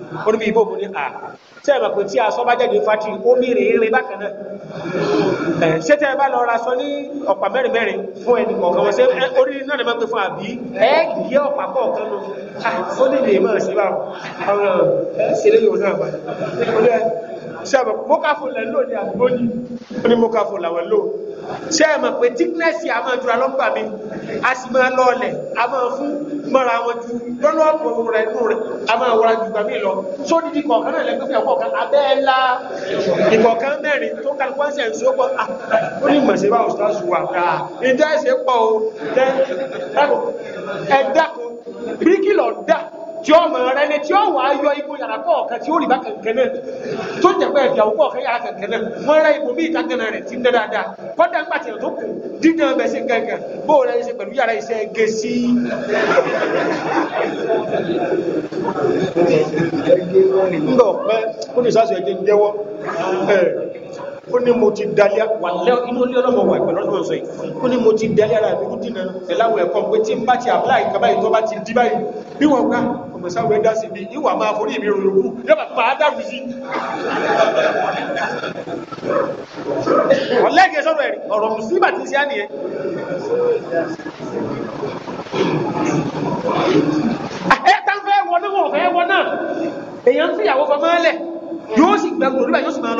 oníbi ìbò mú ní à tẹ́ ẹ̀mọ̀ pé tí a sọ bá jáde fátìrì omi rìnrìn bákan náà ṣé tẹ́ ẹ bá lọ ra sọ ní ọ̀pá mẹ́rin mẹ́rin fún ẹnì kọ̀ọ̀kan wọn ṣe orí náà ni máa ń pè fún àbí ẹ gbé ọ̀pá kọ̀ọ̀kan lọ ó lè lè máa ṣe báwọn àwọn ẹ̀ṣẹ̀ lè yóò sẹ́mọ̀ mọ́kàfò lẹ̀ lò ní àdúgbò ní ó ní mọ́kàfò làwọn lò sẹ́mọ̀ pé tíknẹ́sì a máa jura lọ́gbà mi a sì máa lọ́ọ̀lẹ̀ a máa fún mọ́ra wọn ju lọ́nà ọ̀pọ̀ rẹ̀ nù rẹ̀ a máa wọra ju gbàmí lọ só dídí kọ̀ọ̀kan náà lẹ́gbẹ̀ẹ́ kọ̀ọ̀kan abẹ́ẹ́lá ìkọ̀ọ̀kan mẹ́rin tó kálukú ẹsẹ̀ ń sọ́kọ̀ ah, ó ní mọ̀ sí bá òṣìṣẹ́ wà dáa ìdá ẹsẹ̀ pọ̀ o ẹ dákun bíríkì lọ dáa tí ọmọ rẹ ni tí ó wà á yọ igbó yàrá kọ̀ọ̀kan tí ó rí kankan náà tó jẹ́ pé ẹ̀fì àwùkọ̀ ọ̀kan yàrá kankan náà wọ́n rẹ ibò mí ìtàgànnà rẹ̀ ti ń dáadáa kọ́dà ń pàtẹ́ tó kù dídán ẹbẹ̀ sí kankan bó rẹ ṣe pẹ̀lú yàrá iṣẹ́ ge sí. ń bọ̀ pẹ́ kó ní sásù ẹ̀jẹ̀ ń jẹ́wọ́ ó ní mo ti dalẹ́ wàlẹ́ inú ilé ọlọ́mọ wà ìpẹ̀lú ọdún ọ̀sọ̀ yìí ó ní mo ti dalẹ́ ara ìlú dìnà ẹ̀láwọ̀ ẹ̀kọ́ pé tí ń bá ti apply ìkàbá ìtọ́ bá ti dí báyìí bí wọ́n gbá ọmọsáwọ̀ ẹ̀dá sí bí ìwà máa forí ìbí ròrò kú yọba pa á dàrú sí ọlẹ́gẹ̀ sọ̀rọ̀ ẹ̀rí ọ̀rọ̀ mùsùlùmí àti sí àníyẹ ẹ̀ẹ́ta fẹ́ wọnú wọ̀ fẹ́ yóò sì gbẹ̀gbẹ̀ orí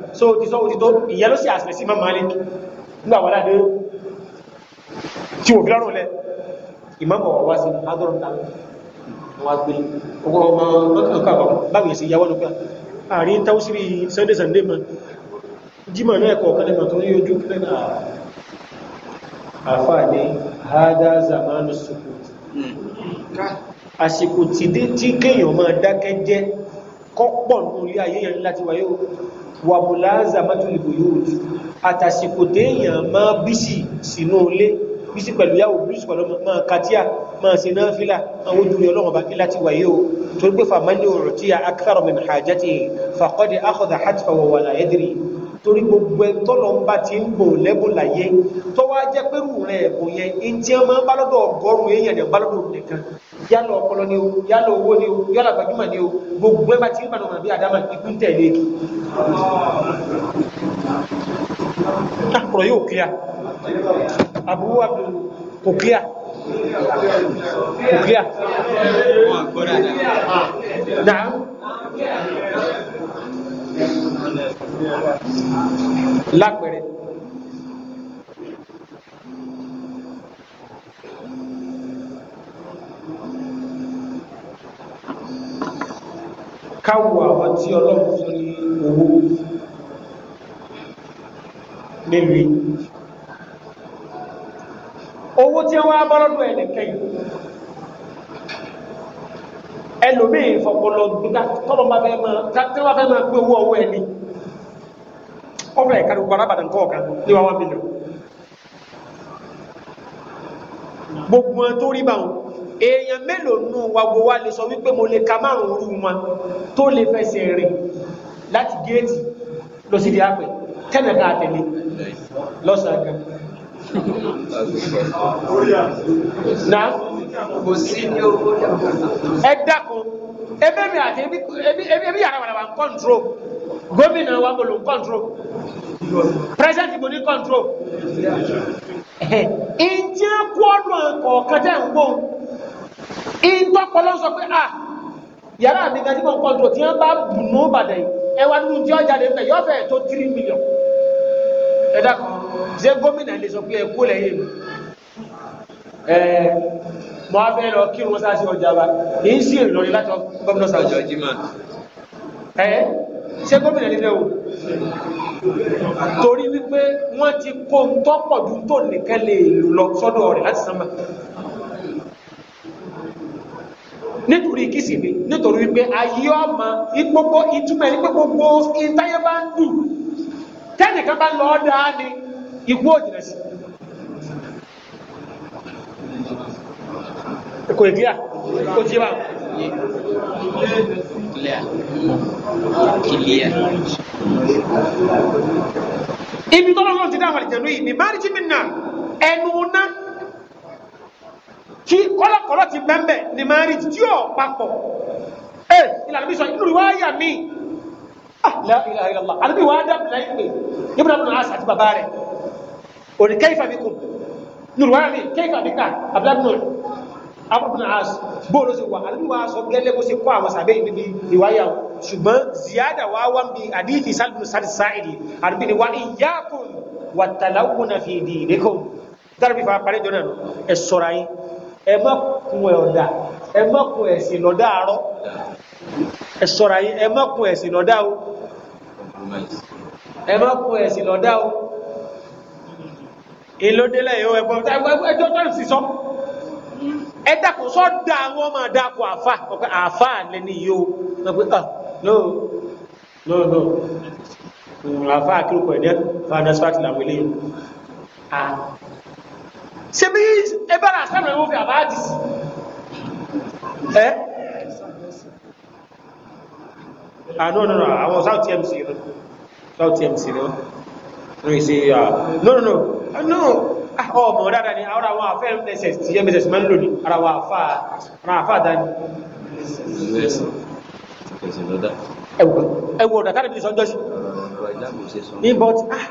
so ti sọ òtítọ́ ìyẹn ló sì àṣẹ sí mọ́mọ́ alẹ́ nígbà wà láàdé tí òfin lọ́rùn lẹ ìmọ̀mọ̀ wá sí adọ́rùn ta wá gbé ọkọ̀ ọmọ ọkọ̀ àbọ̀ báwo yẹ sí yàwó nípa àárín táwùsírì sunday sunday mọ́ jímọ̀ náà ẹ̀kọ́ ọ̀kan lẹ́mọ̀ tó ní ojú pẹ́ náà àfáà ní hádá zamanu sukut àsìkò tí kéèyàn máa dákẹ́ jẹ́ kọ́pọ̀ nínú ilé ayé yẹn láti wáyé wà mùláàzà mọ́tòlìbò yóò di àtàsìkò téèyàn máa bísì sínú ilé bísí pẹ̀lú yàwó bísí pẹ̀lú máa katíà máa ṣe náà fílà àwọn ojú ọlọ́run bá kí láti wáyé o torí pé fàmánì ọ̀rọ̀ tí a akẹ́rọ̀ min hajjati fàkọ́dé akọ̀dà hajjfa wà wàlà ẹ̀dìrì torí gbogbo tọ́lọ̀ ń bá ti ń bò lẹ́bùn láyé tọ́wọ́ á jẹ́ pẹ́rù rẹ̀ bò yẹn ń tí wọ́n máa ń bá lọ́dọ̀ ọgọ́rùn-ún èèyàn ní bá lọ́dọ̀ yálà ọpọlọ ni o yálà owó ni o yálà gbajúmọ̀ ni o gbogbo ẹgbà tí ìpàdé ọmọ bí adama ikú ń tẹ̀lé kí ọ̀rọ̀ yóò kíá àbúrú àbúrú kò kíá kò kíá ah, náà káwọ àwọn tí ọlọ́run fún ní owó nílùú owó tí wọ́n bá lọ́dún ẹ̀lẹ̀kẹ́ ẹlòmíì fọpọlọ gbígbà tọ́lọ bá fẹ́ máa pé owó ọwọ́ ẹni ọ̀rọ̀ ẹ̀ka gbogbo arábàdàn kọ̀ọ̀kan ní wọ́n tó rí báwọn èèyàn mélòó nù wa gbogbo wa lè sọ wípé mo lè ka márùn orú wọn tó lè fẹsẹ̀ rìn láti géètì lọ sí di àpẹ tẹ́nà ká tẹ̀lé lọ́sàn-án kan. na kò sí ní ebe mi àti ebi yàrá wàrà wà ń kọ́ńtró gómìnà wa mo lò ń kọ́ńtró president mo ọ̀nà kọ̀ọ̀kan tẹ̀ ń ìtọ́pọ̀lọ́ sọ pé ah yàrá mi gajì mọ̀ pọ̀ntò tí wọ́n bá bùnú bàdà yìí ẹwà nínú tí ọjà lè fẹ̀ yọ́fẹ̀ tó 3 million ẹ̀dá kan ṣe gómìnà lè sọ pé ẹkú lẹ́yìn ẹ̀ mọ́ afẹ́ lọ kírun sáàsì ọjà wa èyí sí ìrìnlọ́rin láti gómìnà sáàjọ jimá ẹ̀ ṣe gómìnà lè lẹ́wọ̀ torí wípé wọ́n ti kó ń tọ́pọ̀ dùn tó nìkẹ́ lè lọ sọ́dọ̀ rẹ̀ nítorí kìsì ni nítorí wípé ayé ọmọ ìgbogbo ìtumọ̀ ní gbogbo ìtayé bá ń dùn tẹ́nìkan bá lọ ọ́dà ni ìgbó òjìnà sí. Èkó ìgbéyà, ó ti yé Ibi tọ́lọ́lọ́ ti dá àwọn yìí, mi máa mi nà ẹnu náà tí kọ́lọ̀kọ́lọ̀ ti bẹ́ẹ̀bẹ̀ ni máa rí tí ó papọ̀ ẹ̀ ìlànàbí sọ inú ìwá yà mí àlàbí wà dá bìlá ìpè yóò bá náà sàtì bàbá rẹ̀ òní kẹ́yìfà bí kùn nùrùwá mi kẹ́yìfà bí ká abúlábùnú abúlábùnú àásù bóòlù sí wà àlàbí wà sọ gẹ́lẹ́ bó ṣe kọ́ àwọn sàbẹ́ ìbíbi ìwáyà ṣùgbọ́n ziyada wà wà ń bi àdífi sálùmù sáré sáìdì àdúgbò ni wà ìyákùn wà tàlàkùn náà fi dì nìkan dára bí fa parí jọ náà ẹ ṣọ́ra yín ẹ má kun ẹ̀ ọ̀dà ẹ má kun ẹ̀sìn lọ́dà àárọ̀ ẹ sọ̀rọ̀ ayé ẹ má kun ẹ̀sìn lọ́dà o ẹ má kun ẹ̀sìn lọ́dà o ìlódélẹ̀ yóò ẹ̀bọ̀ ẹjọ́ tó sì sọ ẹ dàkún sọ da àwọn ọmọ dàkún àfà ọ̀pẹ àfà lẹ́ni yìí o ọ̀pẹ ah no no no àfà akérò pẹ̀lú ẹ̀ fàdásíwájú làwọn eléyìí ah ṣe bí ẹbára àṣánà ẹwọ́n fi àbáàdì sí ẹ́ ah no no no àwọn south tmc rẹ̀ south tmc rẹ̀ no ìṣe ah no no no no ọmọ dáadáa ni ara àwọn àfẹ́ mss ti mss máa ń lò ní ara àwọn àfà dání ẹwọ̀ dàtàrí bí sọ́jọ́sí ní but ah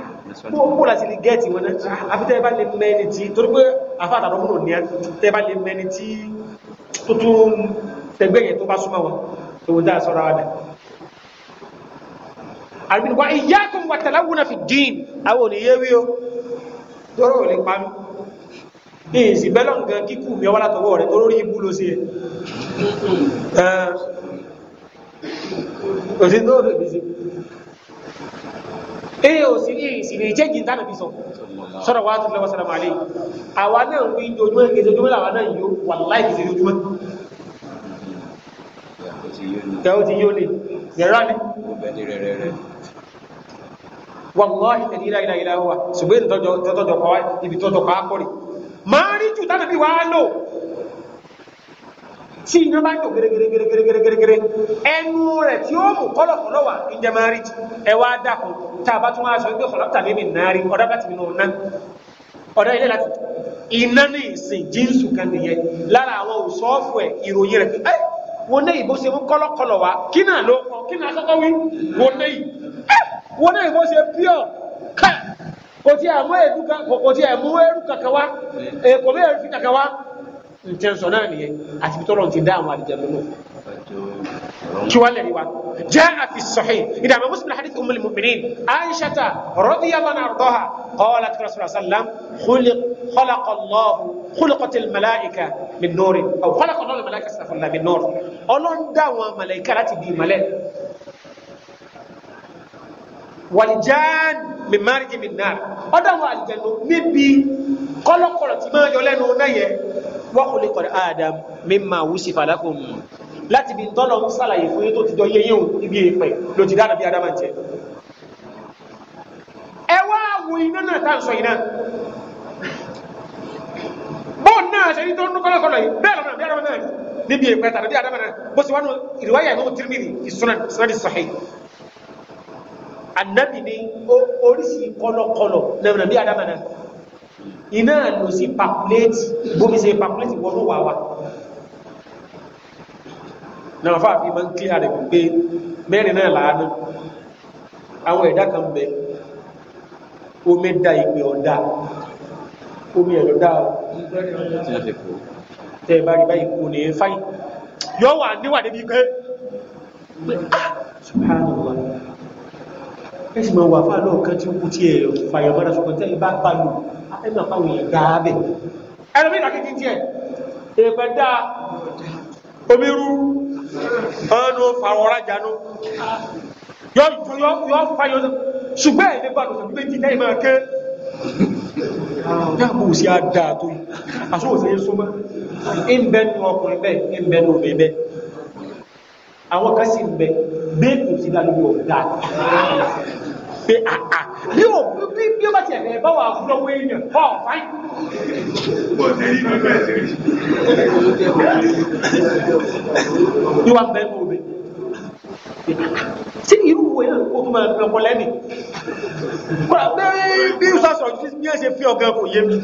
mo kó láti lè gẹ́ẹ̀tì wọn náà ah, àfi tẹ́ bá lè mẹ́ni tí torí pé àfáàtà lọ́mùnà ní tẹ́ bá lè mẹ́ni tí tó tún tẹgbẹ́yẹn tó bá súnmọ́ wọn tó wọ́n dáa sọ́ra wọn àrùbìn wa ìyákùn wà tàláwùnà fi dín àwọn òníyé wí o tọ́rọ ò lè pa mí ní ìsìnbẹ́lọ̀ nǹkan kíkù mi ọwọ́ látọwọ́ rẹ̀ tó lórí sí ee eh, o sì ní ìsìnlẹ̀ ìjẹ́jì ń tánà bí sọ sọ́rọ̀ wá tún lọ́wọ́ sọ́rọ̀ màálé àwa náà ń wí ojúmọ́ ìgbésojúmọ́ làwa náà yóò wà láì kìí ojúmọ́ ìyàwó ti yóò lè yẹ̀rá ní wàláhì tẹ̀lé ìlàìlà ìlà wà ṣùgbọ́n ìtọ́jọ kọ́ ibi tọ́jọ kọ́ á kọ́rì máa rí jù tánà bí wàá tí iná bá jò gẹ́gẹ́gẹ́gẹ́gẹ́gẹ́gẹ́ ẹnu rẹ̀ tí ó mú kọ́lọ̀ fún lọ́wà ìjẹmárì ẹ wá dàkún tá a bá tún wá sọ pé kọ̀lọ́tà lè mi nàárí ọ̀dá láti mi náà náà ọ̀dá ilé láti iná ní ìsìn jíǹsù kan nìyẹn lára àwọn òṣọ́ọ̀fù ẹ̀ ìròyìn rẹ̀ ẹ́ wọ́n ní ìbò ṣe mú kọ́lọ́kọ́lọ̀ wá kí náà ló kọ́ kí náà kọ́kọ́ wí wọ́n ní wọ́n ní ìbò ṣe pure ká kò tí ẹ̀ mú èrú kankan wá kò tí ẹ̀ mú kankan wá ìtẹ́sọ̀ náà nìyẹn àti bí tọ́lọ̀ ti dá àwọn àdìjẹ̀lú náà kí wá lẹ́rìí wa jẹ́ àfi sahih ìdààmú muslim hadith umul mu'minin aishata radiyallahu anha qalat rasulullah sallam khalaqallahu khulqatil malaika min nurin aw khalaqallahu malaika sàfúnlá min nur ọlọ́run dá àwọn malaika láti di ìmọ̀lẹ́ walijan min marij min nar ọ̀dọ̀ àwọn àdìjẹ̀lú níbi kọ́lọ́kọ̀rọ̀ tí máa yọ lẹ́nu náà yẹ wa khuliqa adam mimma wusifa lakum láti bí tọ́lọ̀ ń sàlàyé fún yí tó ti jọ yé yíò ibi èèpẹ̀ ló ti dára bí adama jẹ́ ẹ wá wo iná náà tá ń sọ iná bó náà ṣe ní tó ń kọ́lọ̀kọ́lọ̀ yìí bẹ́ẹ̀ lọ́nà bí adama náà níbi èèpẹ̀ tàbí bí adama náà bó sì wá nù ìrìwáyà ìmọ̀ Tirmidhi fi sunan sunan sahih annabi ni oríṣi kọ́lọ̀kọ́lọ̀ lẹ́nu iná lò sí pakuléètì bómi ṣe pakuléètì wọnú wà wà náà fà fi máa ń kílíà rẹ̀ pé mẹ́rin náà láàánú àwọn ẹ̀dá kan bẹ omi da ìpè ọ̀dà omi ẹ̀lọ́dà tẹ́ bá rí báyìí kò ní fáyì yọ́ wà níwà débi pé ah, subhanallah ẹ̀sì ma wà fáàlọ́ kan tí ó kú tí ẹ̀ fàyọ̀mọ́dá sọ pẹ̀tẹ́ ìbá bá lò ẹ̀mà fáwọn èèyàn gáábẹ̀ ẹlòmí ìdàkejì tí ẹ̀ èèpẹ̀ dá omi rú ọ̀nà fàwọ̀rájanú yọ fàyọ̀ ṣùgbọ́n ẹ̀ nígbà tó sọ méjì lẹ́yìn máa ké dáàbò sí àdáàtò àṣòwòsẹ̀ yẹn súnmọ́ ìbẹ́nu ọkùnrin bẹ́ẹ̀ ìbẹ́nu obìnrin bẹ́ẹ̀ àwọn kan sì ń bẹ bẹ́ẹ̀kù ti dá lórí ọ̀dá pé àà ah, ah, bí o bí bí o bá ti ẹ̀fẹ̀ bá wà lọ́wọ́ èèyàn ọ̀ fáì. yóò wá bẹ́ẹ̀ mú mi tí ah, irú wo yẹn kó tó máa ń lọ́pọ̀ lẹ́nì kó lọ bẹ́ẹ̀ bí sọ̀sọ̀ bí ẹ ṣe fi ọ̀gá kò yé mi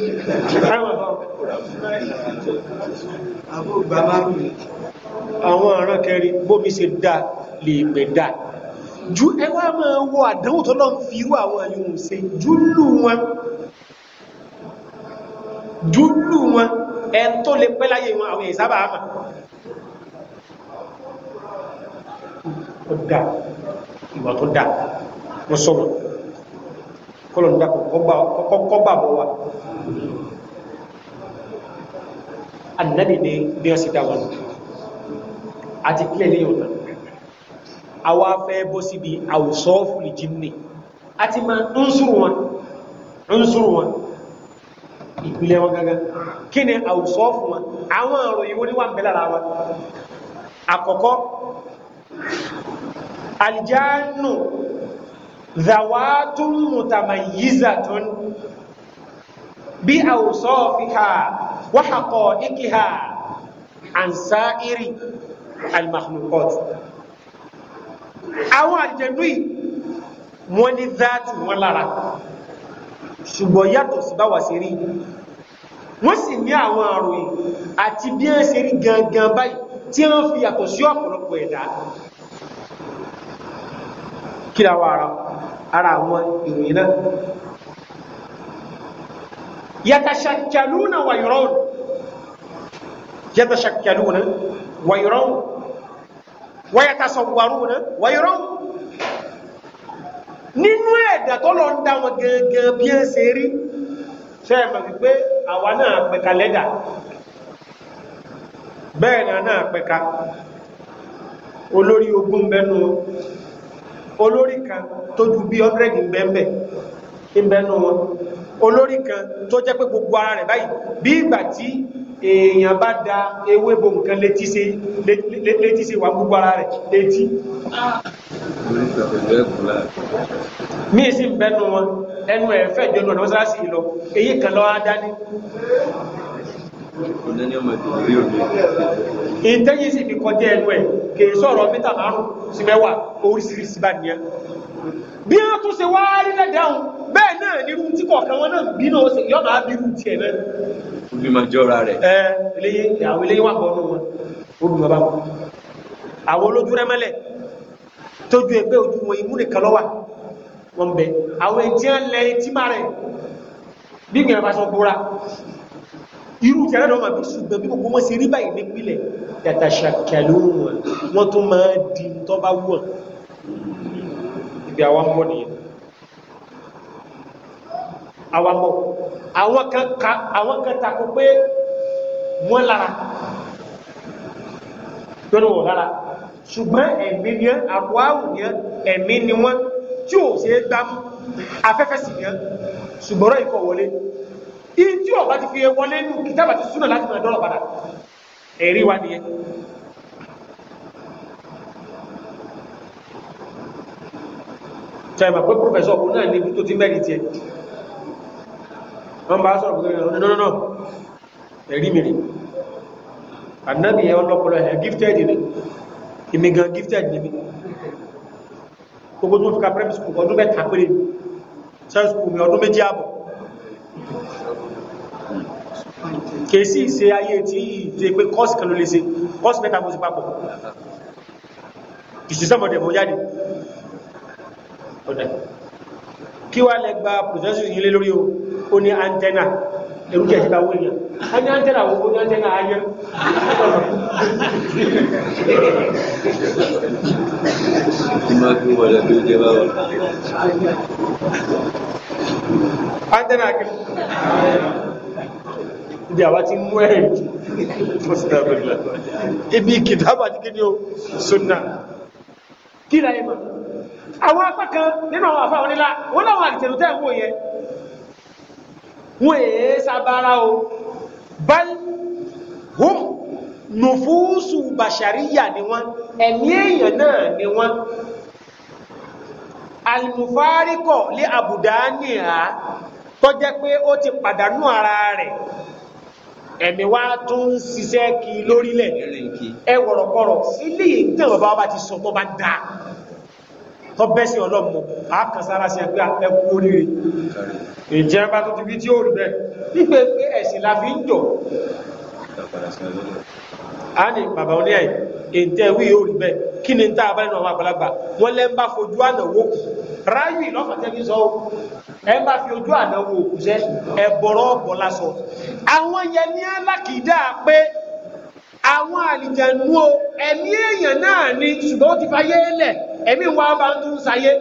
àwọn àrán kẹrin bómi ṣe dá lè pẹ̀ dá ju ẹwà máa wọ àdánwò tó lọ ń fi irú àwọn àyùn ṣe júlù wọn júlù wọn ẹ tó lè pẹ́ láyé wọn àwọn ìsábà àmà ọ̀dá ìwà tó dá wọ́n sọ́wọ́n kọ́lọ̀ ń dá kọ́kọ́ bọ́ wa annabi ni bí wọ́n sì dá wọn àti kílẹ̀ lẹ́yìn ọ̀nà àwa fẹ́ bọ́ síbi àwùsọ́ọ̀fù lè jí ní àti ma ń súrù wọn ìpìlẹ̀ wọn gangan kí ni àwùsọ́ọ̀fù wọn àwọn ọ̀rọ̀ ìwò ní wà ń bẹ wọn àkọ́kọ́ alìjánu zawatun mutamayizatun bí àwùsọ́ọ̀fì káà وحقائقها عن سائر المخلوقات àwọn àjẹ̀dú yìí wọ́n ní dáàtì wọn lára ṣùgbọ́n yàtọ̀ sí báwà sí rí wọ́n sì ní àwọn àròyìn àti bí ẹ́ ṣe rí gangan báyìí tí wọ́n fi yàtọ̀ sí ọ̀pọ̀lọpọ̀ ẹ̀dá kí yatashakkaluna wa yurawun yatashakkaluna wa yurawun wa yatasawwaruna wa yurawun nínú ẹ̀dà tó lọ ń dá wọn gẹ́gẹ́ bí ẹ ṣe rí ṣe ẹ̀mọ̀ wípé àwa náà pẹ̀ka lẹ́dà bẹ́ẹ̀ náà náà pẹ̀ka olórí ogún bẹnu olórí kan tó ju bí 100 bẹ́ẹ̀ bẹ́ẹ̀ bẹ́ẹ̀ olórí kan tó jẹ́ pé gbogbo ara rẹ̀ báyìí bí ìgbà tí èèyàn bá da ewé bo nǹkan létí sí wà gbogbo ara rẹ̀ létí míì sí bẹnu wọn ẹnu ẹ̀fẹ́ ìjọlù ọ̀nà mọ́sálásì lọ èyí kan lọ á dání ìtẹ́yìn sí ìfikọjẹ́ ẹnu ẹ̀ kèé sọ̀rọ̀ mítà márùn-ún sí mẹ́wàá orísìírísìí bá nìyàn bí wọ́n tún ṣe wá lẹ́dẹ̀ẹ́hùn bẹ́ẹ̀ náà nírú tí kọ̀ọ̀kan wọn náà bí náà ṣe yọ́ máa bírú tiẹ̀ náà. òbí máa jọra rẹ̀. ẹ eléyé àwọn eléyé wà bọ́ ọ́nù wọn olùmọ̀ bàbá wọn. àwọn olójú rẹ mẹ́lẹ̀ tójú ẹgbẹ́ ojú wọn imú nìkan lọ́wà wọn bẹ àwọn etí ń lẹ etí má rẹ bí gbìyànjú bá sọ bóra irú tí aláàdọ̀ máa ṣùgbọ́n bí gbogbo wọn ṣe rí báyìí nípìnlẹ̀ yàtà ṣàkàlù wọn wọn tún máa di tọ́ bá wù wọn ibi àwọn ọmọ nìyẹn àwàmọ̀ àwọn kan ka àwọn kan takò pé wọ́n lára lọ́nà wọ̀ lára ṣùgbọ́n ẹ̀mí ni àbúháwù ni ẹ̀mí ni wọ́n tí ò ṣe é gbámú afẹ́fẹ́ sì ni ṣùgbọ́n rẹ̀ ikọ̀ wọlé in tí ọba ti fi wọlé nù kìtàbà ti súnà láti mọ̀ dọ́rọ̀ padà ẹ̀rí wa nìyẹn tẹ́ẹ̀mà pé pòfẹ́sọ̀ ọkùnrin wọ́n bá sọ̀rọ̀ pẹ̀lú ọ̀nà nọ́nà ẹ̀rí mi rí ànábì ẹ̀ ọlọ́pọ̀lọ́ ẹ̀ gifted ni èmi gan gifted ni mi gbogbo tó fi ka prep school ọdún mẹ́ta péré science school mi ọdún méjì àbọ̀ kèsí ìṣe ayé tí ìdè pé course kan ló lè ṣe course mẹ́ta mo sì papọ̀ ìṣẹ́sọ́mọ̀dẹ̀ mọ̀ jáde ọ̀dẹ̀ kí wá lẹ gba processor yìí lé lórí o ó ní antena ẹ̀rù kí ẹ̀ṣẹ́ ta wó èèyàn a ní antenna wo ó ní Antena ayẹ́ antenna kí ibi àwa ti mú ẹ̀rìn ibi kìtàbà ti kí ni ó sunna kí láyé máa àwọn apá kan nínú àwọn àfáwọn nílá wọn láwọn àgbẹ̀tẹ̀lú tẹ́ wò yẹn wọn èé sábára o bal hum nùfúùsù bàṣàríyà ni wọn ẹ̀mí èèyàn náà ni wọn alìmùfárikọ̀ lé àbùdá ní à tó jẹ́ pé ó ti pàdánù ara rẹ̀ ẹ̀mí wá tún ń ṣiṣẹ́ kí lórílẹ̀ ẹwọ̀rọ̀kọ̀rọ̀ sílé ìtàn bàbá ti sọ tó bá dáa tó bẹ́sí ọlọ́mù àkànsára sí ẹgbẹ́ ẹkù oríire ìjẹba tó ti bí tí ó rí bẹ́ wípé pé ẹ̀sìn la fi ń jọ a ní bàbá oní ẹ̀ èntẹ́ wí yóò rí bẹ́ kí ni tá a bá nínú àwọn àgbàlagbà wọ́n lẹ́ ń bá fojú àná wó kù ráyù ìlọ́fàtẹ́bí sọ ẹ bá fi ojú àná wó kù sẹ́ ẹ̀bọ̀rọ̀ ọ̀pọ̀ lásọ àwọn yẹn ní alákìídá pé àwọn àlìjẹ̀nú o ẹ̀mí èèyàn náà ni ṣùgbọ́n ó ti fayé lẹ̀ ẹ̀mí wa bá ń tún sayé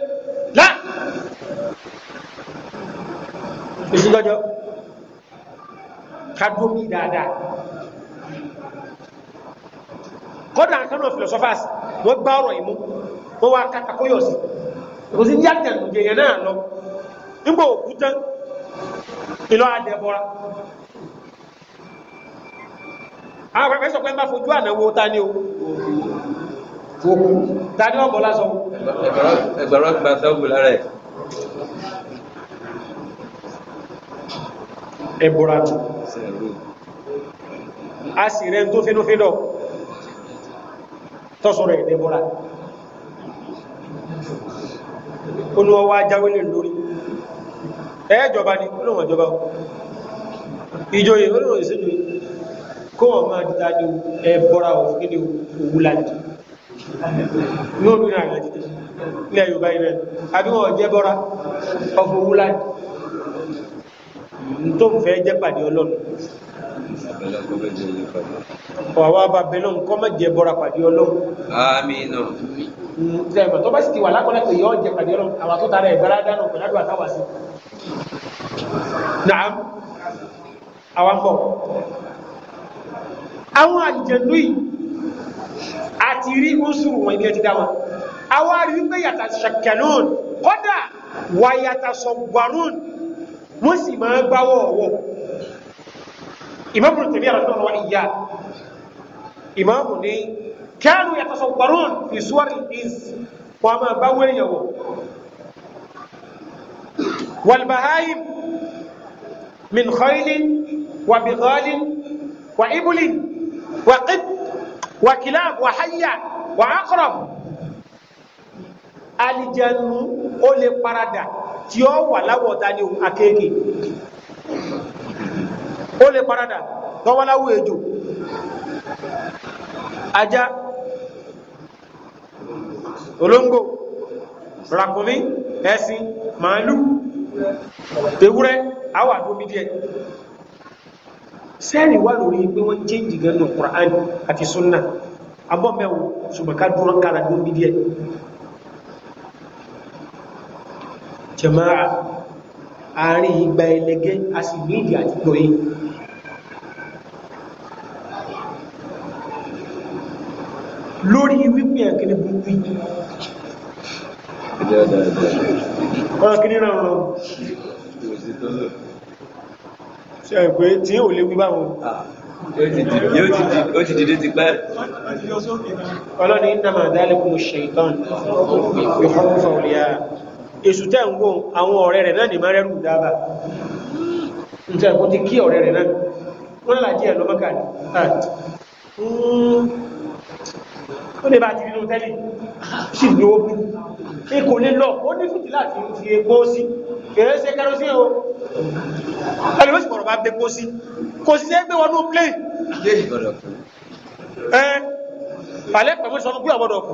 lá. èsì lọ́jọ́ ká dómi dáadáa kọ́dà kan náà philosophers wọ́n gbá ọ̀rọ̀ ìmú wọ́n wá kàtàkóyọ̀ sí kò ní àtẹ̀lùjẹ̀yẹ náà lọ nígbà òkú tán ìlọ adẹ́bọra àwọn pẹ̀pẹ̀ sọ pé ń bá fojú ànáwó ta ní o fòkú ta ní ọ̀bọ̀ lásán ẹgbẹ̀rọ gba sọ́ọ̀bù lára ẹ̀ ẹ̀bùra tù a sì rẹ̀ tó fínúfíndọ̀ tọ́sọ̀rọ̀ ẹ̀ ẹ̀bùra ó ní ọwọ́ ajáwé lè lórí ẹ̀ẹ́jọba ni olóòwọ̀n ìjọba ìjòyè olóòwọ̀n ìṣèjòyè kó wọn máa dídá ní ẹ bọ́ra òfin ní òwú láti ní obìnrin àgbà títí ní ẹ̀yọ̀ báyìí rẹ̀ àbí wọn jẹ́ bọ́ra ọkọ̀ òwú láti tó ń fẹ́ jẹ́ pàdé ọlọ́run ọ̀wọ́ abàbẹ̀ lọ́n kọ́ mọ́ jẹ bọ́ra pàdé ọlọ́run àmín tẹ́ẹ̀mọ̀ tó bá sì ti wà lákọ́lẹ́ pé yọ́ jẹ pàdé ọlọ́run àwọn tó tara ẹ̀gbára dánù pẹ̀lú àdúrà táwà sí naam àwọn bọ̀ àwọn àjẹ̀lú yìí àti rí oṣùrù wọn ibi ẹ̀ ti dá wọn àwọn àríwí pé yàtà ṣàkẹ̀lún kọ́dà wà yàtà sọ̀gbàrún wọ́n sì máa gbáwọ̀ ọ̀wọ̀ ìmọ̀bùn tẹ̀lé àrùn náà wà ìyá ìmọ̀bùn ní kẹ́rù yàtà sọ̀gbàrún fi وقط وكلاب وحية وعقرب alìjẹnu ó lè parada tí ó wà láwọ̀ dání akéèké ó lè parada lọ́wọ́láwọ̀ èjò ajá olóńgbò ràkúnmí ẹṣin màálù ewúrẹ́ àwọn àdómi díẹ̀ sẹ́ẹ̀rì wà lórí pé wọ́n jẹ́jì gan nù Qur'an àti sunna abọ́mẹ́wò ṣùgbọ́n ká dúró kára dún bí díẹ̀ jama'a àárín ìgbà ẹlẹgẹ́ a sì ní ìdí àti pọ̀ yìí lórí wípé ẹ̀kẹ́lẹ́ burúkú yìí ọ̀rọ̀ kìnnìyàn ṣe pé tí ò lè wíbá wọn ah, ó ti dìde ti pẹ́ ọlọ́ni ìdàmà dálẹ́kùn ṣẹ̀tàn ìfọ́nfà òlìyà èṣù tẹ́ ń wọ́n àwọn ọ̀rẹ́ rẹ̀ náà ní máa rẹ̀rù dábà ah. hmm. ó lè bá ti nínú tẹ́lì sí lówó bí i kò lè lọ ó ní fìtìlá ti fi epo sí kìí ṣe kẹrọsí o ẹni ó sì bọ̀rọ̀ bá bẹ kó sí kò sí ṣe gbé wọnú plane ẹ pàlẹ́ pẹ̀lú sọ́nù bí ọ̀bọ̀dọ̀ kù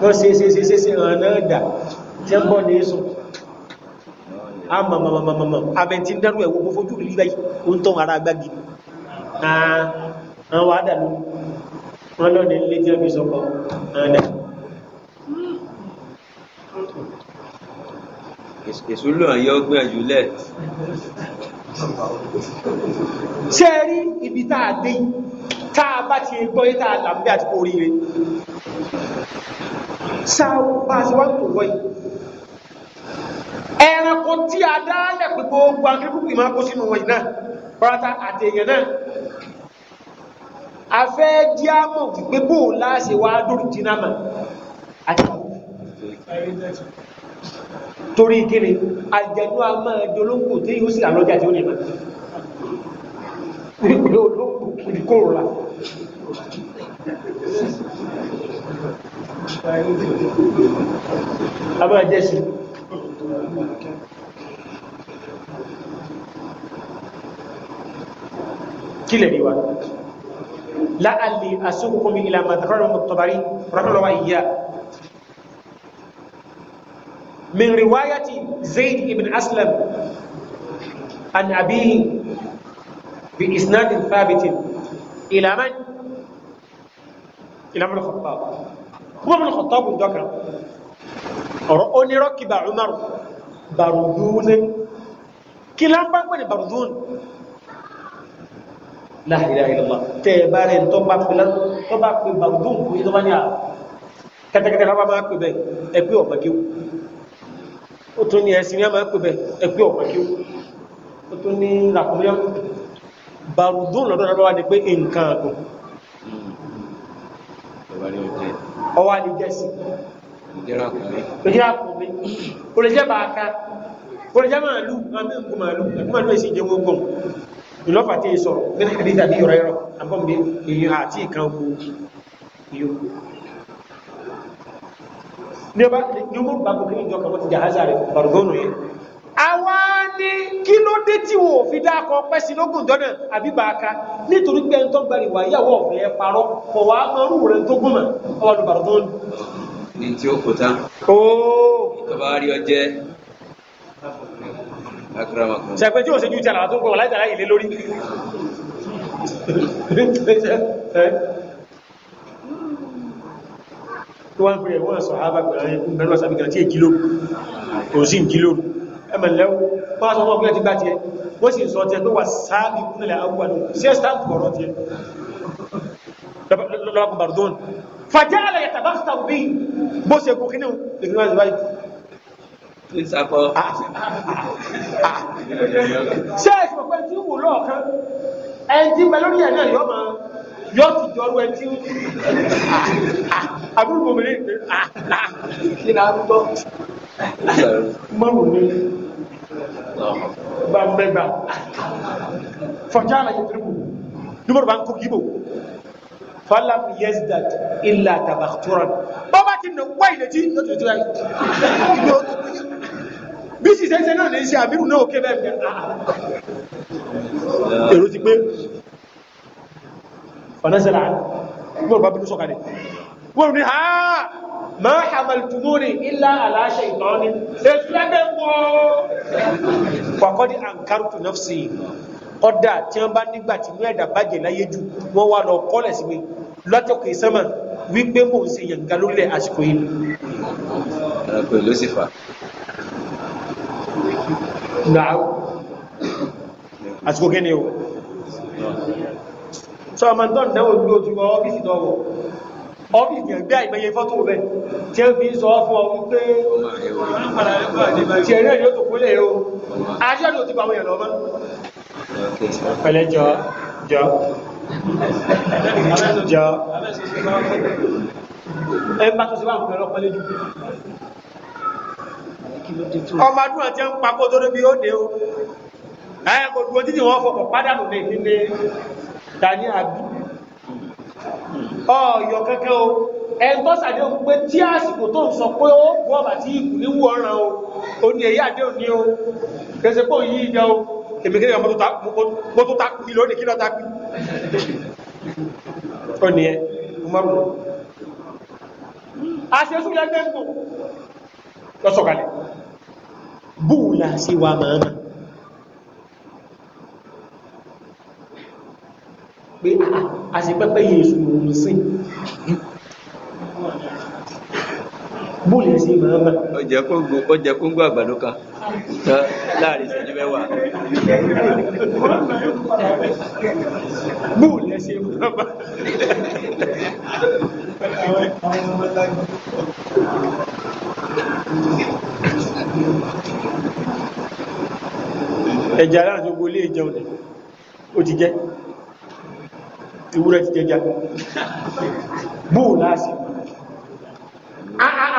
wọ́n ṣe ṣe ṣe ṣe ṣe hàn náà dà jẹ́ bọ́ ní èso amamamamamam abẹ́ntí ń dẹ́rù ẹ̀wọ́ fojú rí báyìí ó ń tọ́ ara agbági àwọn àdàlú wọn ilé jẹ́ bí sọ́kọ̀ àdà èso lóhàn yọ gbìyànjú lẹ̀. ṣé ẹ rí ibi tá a dé tá a bá ti gbọ́ yé tá a là ń bí àti kó oríire sáà bá a ṣe wá ń tò wọ́ yìí ẹranko tí a dá lẹ̀ pé gbogbo akẹ́kọ̀ọ́ ìmọ̀ kó sínú wọ̀nyí náà pátá àti èèyàn náà a fẹ́ dí á mọ̀ wípé bóòlá ṣe wá dórí dínámà àti torí kíni àjẹ̀nú a máa di olóńgbò tí yóò sì rà lọ́jà tí ó lè mọ̀ nípìnlẹ̀ olóńgbò kiri kó rà a máa jẹ́ sí kílẹ̀ láàlì àsìkò kọmi mọ̀tọ̀bárí rọ́pọ̀lọ́wà ìyá من رواية زيد بن أسلم عن أبيه بإسناد ثابت إلى من؟ إلى من الخطاب هو من الخطاب ذكر رؤوني ركب عمر بردون كلام بقى بردون لا إله إلا الله. bá rẹ tó bá pè lọ tó bá pè bàdún kò yí tó bá ní à kẹtẹkẹtẹ ó tó ní ẹ̀sìn ní a máa pẹ̀bẹ̀ ẹgbẹ́ ọ̀pẹ́ ó tó ní làkùnrin barudun lọ́dọ̀ lọ́dọ̀ wá ní pé nǹkan àgbọ̀n ọwá ní jẹ́sì ìjẹ́rakùnrin ó lè jẹ́ bàákà ó lè jẹ́ màálù àmì nǹkan màálù màálù èsì ìjẹ́ wọn gbọ̀n ìlọ́fà tí ì sọ̀rọ̀ ní àdíjà bí èyí àti ìkan ogun yòókù ní ọba ní ọmọ bá gbogbo ìjọ kan wọ́n ti jàhásà rẹ̀ bàrùgọ́nù yẹn àwa ní kí ló dé tí wò fi dákọ pẹ́ sí lógún dọ́nà àbí bàáka nítorí pé ẹni tó gba ìwà ìyàwó ọ̀fẹ́ ẹ parọ́ kọ̀ wá máa rú rẹ̀ tó gúnmọ̀ ọwọ́ ló [laughs] tó wọ́n pẹ̀lẹ̀ wọ́n sọ̀hábà pẹ̀lú àṣàbíkà tí è kílò kò sí kílò ẹmẹ̀lẹ́wọ́ bá sọ fún ọgbẹ́ ti gbá ti ẹ bó sì sọ tẹ pé wà sáàbì kúnlẹ̀ àwọn sí ẹ̀stáàmù kọ̀rọ̀ ti ẹ lọ́pàá bardon fàjá alẹ́ yàtà bá sọ bí bó ṣe kò kínú é ṣe pẹ̀lú tí wò lọ́ọ̀kan ẹni tí pẹ̀lú ní ẹ̀ náà yọ́ yóò ti jọrú ẹ tí àbúrò bòmìnì kí ni àrùtọ́ mọ́rùn ní gbàmbẹ́gbà fọjá àlàyé tìrìbù nígbàrù bá ń kó gíbò falam yezdat illa tabakturan bọ́bá ti nà wá ilẹ̀ tí ó ti tó yá bí sì sẹ́sẹ́ náà ní iṣẹ́ àbírù náà ó ké bẹ́ẹ̀ èrò ti pé fanazala umaru bá bínú sọ̀kalẹ̀ umaru ní ha ma hamaltumuni illa ala shaytani ẹ̀fúlẹ́gbẹ̀ wọ́ fàkọ́dí ankartu nafsi ọ̀dà tí wọ́n bá nígbà tí wọ́n ẹ̀dà bàjẹ́ láyé jù wọ́n wà lọ kọ́lẹ̀ sí mi lọ́tọ̀kọ̀ ìsẹ́mà wípé mò ń ṣe yànga lórílẹ̀ àsìkò yìí ẹranko ló sì fà. Nàá àsìkò kí ni o? sọ ọmọ tó náà gbé ojú wọ ọ́fíìsì náà wọ ọ́fíìsì ẹgbẹ́ àìmọye fọ́tò rẹ̀ tí ó fi sọ fún ọ wípé tí ẹ̀rẹ́ yóò tó kúlẹ̀ o aṣọ́ ni ó ti pa àwọn èèyàn lọ́mọ́ pẹ̀lẹ́ jọ jọ jọ ẹ bá tó sí wà nǹkan ọlọ́pàá lójú ọmọ adúrú àti ẹ̀ ń pakó tó débi ó dé o ẹ kò dúró títí wọn fọkàn pádànù lè nílé dání àbí ọ̀yọ̀ kẹ́kẹ́ o ẹgbọ́ sàdé o pé tí àsìkò tó ń sọ pé ó wọ́n bà tí ìkù ní wọ́ran o ó ní èyí àdé òní o kẹsẹ̀ pé òyí ìjẹ o èmi kí ni ọmọ tó ta pí lónìí kí lọ ta pí ó ní ẹ mọ́rù àṣẹ súnlẹ̀ gbẹ́gbò lọ́sọ̀kalẹ̀ sí wa màmá pé àṣepẹ́pẹ́ ah, yìí èṣù òun sí bóòlù sí màmá ọjẹ́ kóngó àgbàdo kan láàrin ìṣẹ́jú mẹ́wàá bóòlù sí màmá ẹ̀jẹ̀ aláàjọ́gbó lè jẹun ó ti jẹ́ ewúrẹ́ ti jẹjẹ bóò láàṣì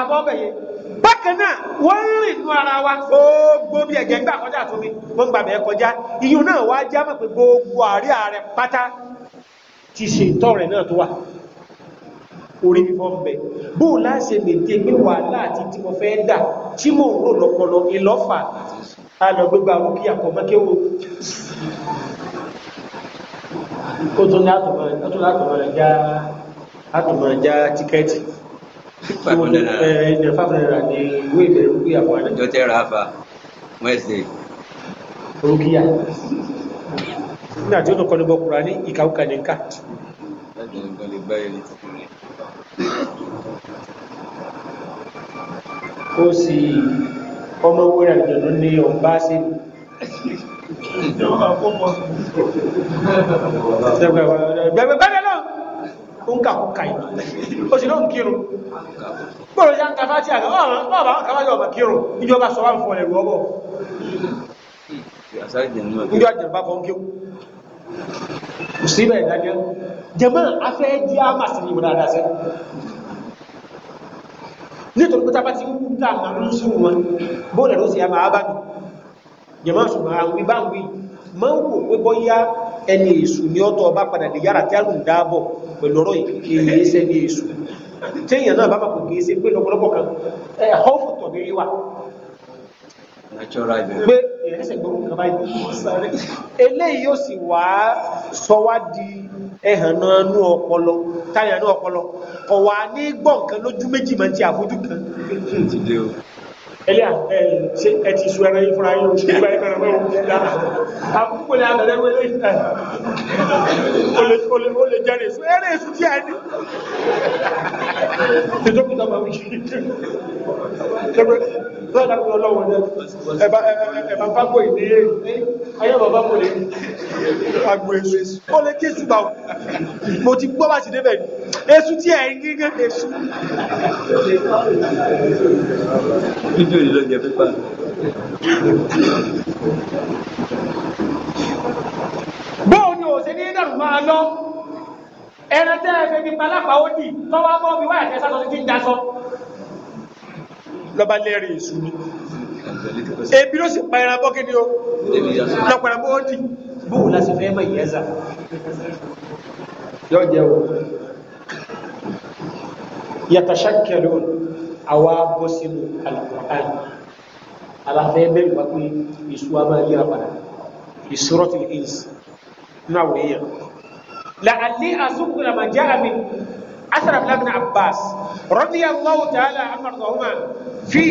àbọ́bẹ̀yẹ bákanáà wọ́n rìn ní ara wa gbogbo bí ẹ̀gẹ̀ gbà kọjá tó mi wọ́n kọjá iyùn náà wá já mọ̀ pé gbogbo àrí ààrẹ pátá ti ṣe ìtọ́ rẹ̀ náà tó wà orí fífọ́ ń bẹ bóò láṣẹ kó tó ní àtùmọ̀ rẹ̀ já àtùmọ̀ já tíkẹ́ẹ̀tì ilẹ̀ five naira ní ìwé ìbẹ̀rẹ̀ rúkìá fún ẹ̀dẹ̀. ọjọ́ tẹ́ ra fa Wednesday. rúkìá nígbà tí ó tún kọ́ ní bọ́kùnrin ní ìkàwùkà ní ká. ó sì ọmọ wúrà ìjọ̀nù ní ọ̀bá sí i bẹ́ẹ̀ náà ó ń kàkọ́ kàí ó sì náà ń kírun gbọ́rọ̀ ya ń kàfà tí àgbà ọ̀bà kàfàjọ ọ̀bà kírun ìjọba sọ wá ń fún ẹ̀rù ọgbọ̀ ìjọ àjẹ̀bá kan kí ó sí bẹ̀rẹ̀ dájẹ́ jẹ́mọ́ afẹ́ jí á máa sì ní ìmúra dáṣẹ́ nítorí pé tábà ti ń gbà máa ń sún wọn bóòlẹ̀ ló sì yá máa bá mi jẹmọ́ ṣùgbọ́n àwọn ibá wí ma ń wò pé bọ́yá ẹni èṣù ni ọ́tọ̀ ọba padà lè yára tí a lùn dáàbọ̀ pẹ̀lú ọ̀rọ̀ ìkéyèsẹ́ ní èṣù téèyàn náà bá bàkò di ẹ̀hànánú ọpọlọ táyànú ọpọlọ ọ̀wà ní gbọ̀ǹkan lójú méjì máa ti àfojú kan ẹlẹ́ ṣe ẹti ṣu ẹran ìfúnra yóò ṣe ìgbà ìfẹ́ràn mẹ́wọ́ àkókò ní àgbẹ̀lẹ́wọ́ ilé ìfẹ́ o lè jẹ́rẹ̀ èso ẹ̀rẹ̀ èso tí a ní ìjọkùtà bàbá lọ́dàkùn ọlọ́wọ̀n ẹ̀bá pápò ìníyè ayé bàbá mò lè agbó èṣù ó lè kí èṣù bá mo ti gbọ́ bá ti débẹ̀ èṣù tí ẹ̀ ń gígé èṣù. fídíò yìí ló jẹ pípa. bóò ni òsè ní dàrú máa lọ ẹran tẹ́ ẹ fẹ́ fi palápàá ó dì lọ́wọ́ bọ́ bí wáyà tẹ́ sí kí n já lọ́ba lẹ́rìn èṣù ni ebi ló sì pa ẹran bọ́ kíni o lọ́pọ̀ ẹran bọ́ ó dì. bóun la sì fẹ́ mọ ìyẹ́sà. yọ jẹ o yàtàṣàkẹlò àwa bọ́ sínú alùpùpù aláfẹ́ bẹ́ẹ̀ wá pé èṣù wa máa yíra padà ìṣòro ti ní ìsìn náà wòye yẹn. làálẹ́ àsùnkùn àmàjá àmì أثر ابن عباس رضي الله تعالى عن ارضاهما في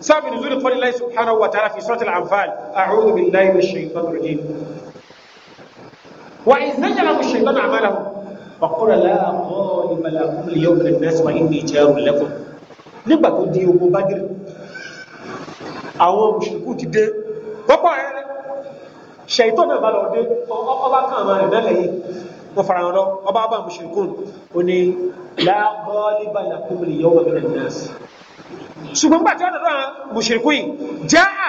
سبب نزول قول الله سبحانه وتعالى في سورة الأنفال أعوذ بالله من الشيطان الرجيم وإذ زجرهم الشيطان أعمالهم وقال لا غالب لكم اليوم من الناس وإني جار لكم nígbà tó di ogun bágírí àwọn mùsùlùkú ti dé pọ́pọ̀ ẹ̀rẹ́ ṣẹ̀ìtọ́ náà bá lọ dé ọba kan àmà rẹ̀ náà lẹ́yìn wọ́n fara wọn lọ ọba ọba mùsùlùkùn ó ní láàbọ́ọ́lì bàlá kúmìlì yọ̀wọ̀ mìíràn náà sí. ṣùgbọ́n nígbà tí wọ́n dọ̀dọ̀ àwọn mùsùlùkùn yìí já a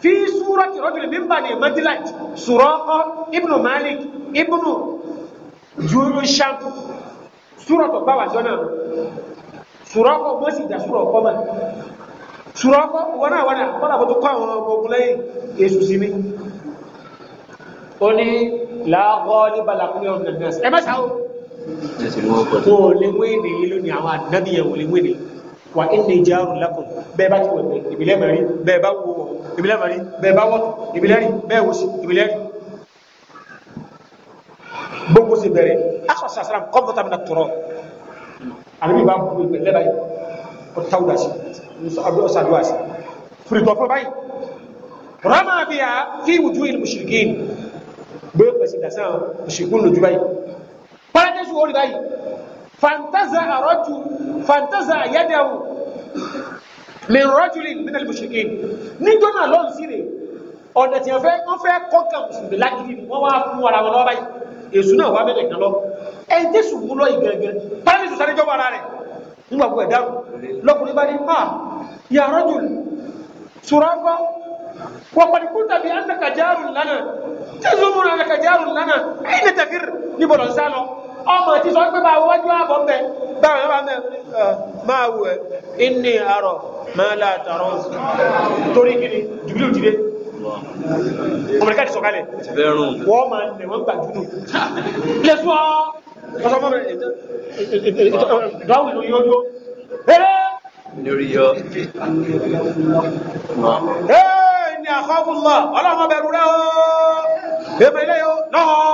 fi súrọ̀ tí rọ́jòlè mi ń bà ní madilat sùrọ́kọ́ ibnu malik náà wọn náà tó kọ́ àwọn ọmọ ogun lẹ́yìn èṣù sí mi. ó ní láàgọ́ ní balakúlẹ̀ ọ̀nà nọ́ọ̀sì ẹ mẹ́sà ó wò lè mú èdè yìí lónìí àwọn ànábì yẹn wò lè mú èdè wà ilé járùn lákùn bẹ́ẹ̀ bá ti wọ̀ ìbílẹ̀ mẹ́rin bẹ́ẹ̀ bá wọ̀ ìbílẹ̀ mẹ́rin bẹ́ẹ̀ bá wọ̀ ìbílẹ̀ rí bẹ́ẹ̀ wọ̀ sí ìbílẹ̀ rí gbogbo sì bẹ̀rẹ̀ akọ̀sà sàrà kọ́mpútà ìlú mùsùlùmí sí dàsá òṣègùn lójú báyìí paradise wọ́n rí báyìí fantaza àrọ́jù fantaza àyẹ́dẹ̀wò min rajulin min al-mushrikin ní jọ́nà lọ́n sí rẹ̀ ọ̀nà tí wọ́n fẹ́ wọ́n fẹ́ kọ́kà mùsùlùmí lágídí ni wọ́n wá fún ara wọn lọ́wọ́ báyìí èsù náà wá mẹ́lẹ̀ kan lọ ẹni tí sùn mú lọ ìgbẹ̀gbẹ̀ paradise sáré jọ́ wara rẹ̀ nígbàgbọ́ ẹ̀dá lọ́kùnrin bá ní pa ah, ya rajul sùràkọ́ وقد كنت بأنك جار لنا تزمنا أنك جار لنا أين تفر نبرا سالو ọmọ tí sọ pé máa wájú àbọ̀ ń bẹ báwọn bá mẹ máa wù ẹ inni àrọ máa là tààrọ torí kí ni jùbílì òjìdé ọmọdé káàdì sọ̀kalẹ̀ wọ́n máa nẹ̀ wọ́n gbà jùlọ lẹ́sọ́ ọ̀sọ́ mọ́ rẹ̀ ìdáwìn lórí ọjọ́ ẹ̀rẹ́ lórí yọ ẹ̀ẹ́ ẹni àkọ́bù ọlọ́run bẹ̀rù rẹ o èmi ilé o lọ́wọ́.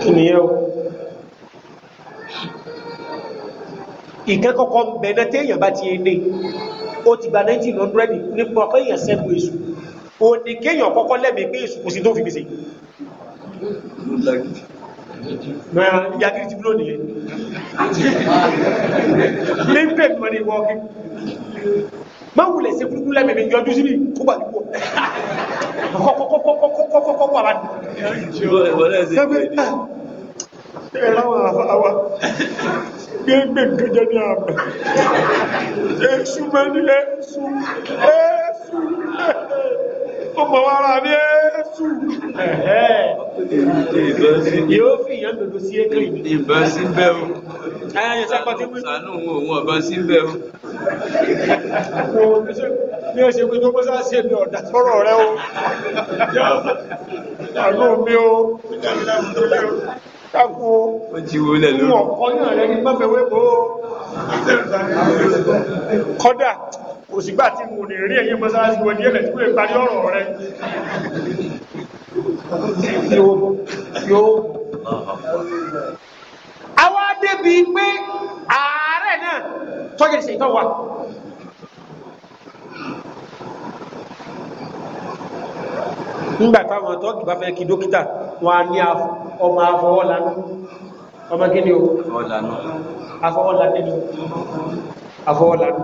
kí ni yẹ o ìkẹ́kọ̀ọ́kọ́ bẹ̀rẹ̀ téèyàn bá ti ẹni ó ti gba 1900 nípa ọkọ̀ èèyàn sẹ́gun èṣù òní kéèyàn kọ́kọ́ lẹ́mìí pé èṣù kò sí tó fi gbèsè. Well, Yagiri ti blow nìyẹn. Lẹ́pẹ̀ mọ́ ni wọ́n kí. Máa wùlẹ̀ sí kúrúkú lẹ́mẹ̀mẹ̀ yọjú sí mi kó bà nípò. Kọ́kọ́kọ́kọ́kọ́kọ́kọ́ àbá. Ah. Ẹ̀rọ àwọn àfáwà. Gbẹ́gbẹ̀ nǹkan jẹ́ ní àmì. Èṣù mẹ́ nílẹ̀ èṣù. Èṣù ó mọ̀ wá ara ní ẹ́sù yóò fi ìyàn dòdò sí ẹ̀kẹ́ ìbá sí bẹ́rù sànú òun ọba sí bẹ́rù ní ọ̀sẹ̀ pé tó mọ́sá sí ẹ̀mí ọ̀dà tọ́rọ̀ rẹ o àánú mi o kákú ọkọ̀ yàn rẹ ní pẹ́fẹ́ wé kóó kọ́dà kò sígbà tí mo lè rí ẹ̀yìn mọ́sálásí wọ́n ní ẹ̀lẹ̀ tí kò lè parí ọ̀rọ̀ rẹ̀ àwọn adébí pé ààrẹ náà tọ́jẹ̀ sí ìtọ́wà nígbàtà wọn tọ́gì bá fẹ́ kí dókítà wọn a ní ọmọ afọwọ́lanú ọmọ gíní o afọwọ́lanú afọwọ́lanú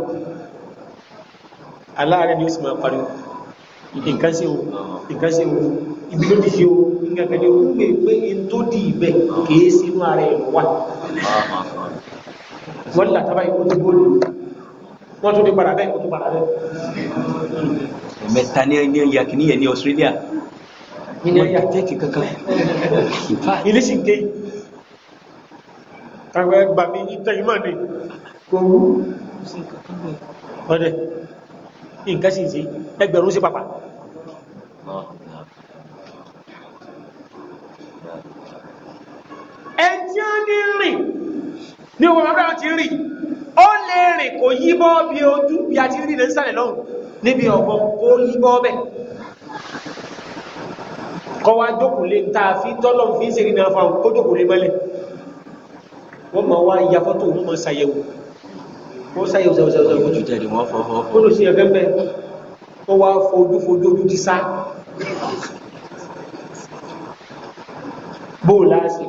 aláàrẹ ni ó sì máa pariwo nǹkan sí ibi ló dìde o nǹkan kan ní o pé pé in tó di ibẹ̀ kìí sí inú ara ẹ̀ wà wọ́n là tábà ikú tó gbóòlù wọ́n tún ti padà bẹ́ẹ̀ kó tó padà bẹ́ẹ̀. mẹ́ta ní ẹni ẹ̀yà kìíní yẹn Australia ní ẹ̀yà tẹ́ẹ̀kì kankan ilé sì ń ké àwọn ẹgbàmí ní tẹ́yìmọ́ ni kò wú ọdẹ nǹkan sì sí ẹgbẹ̀rún sí pàpà ẹjẹ́ ní rìn ní ọmọ ọmọ ti rìn ó lè rìn kò yíbọ́ bí ojú bí a ti rí ní sàlẹ̀ lọ́hùn níbi ọ̀gbọ́n kó yíbọ́ bẹ̀ kọ́ wá jókòó lé ta fi tọ́lọ̀ fi ń ṣe rí náà fáwọn kó jókòó mọ́lẹ̀ wọ́n mọ̀ wá ya fọ́tò òun wọ́n sáyé ọ̀sẹ̀ọ̀sẹ̀ ojú tẹ̀lé wọ́n fọ́fọ́ ó lò sí ẹ̀fẹ́ bẹ́ẹ̀ ó wá fojú fojú ojú ti sá bóò láàṣì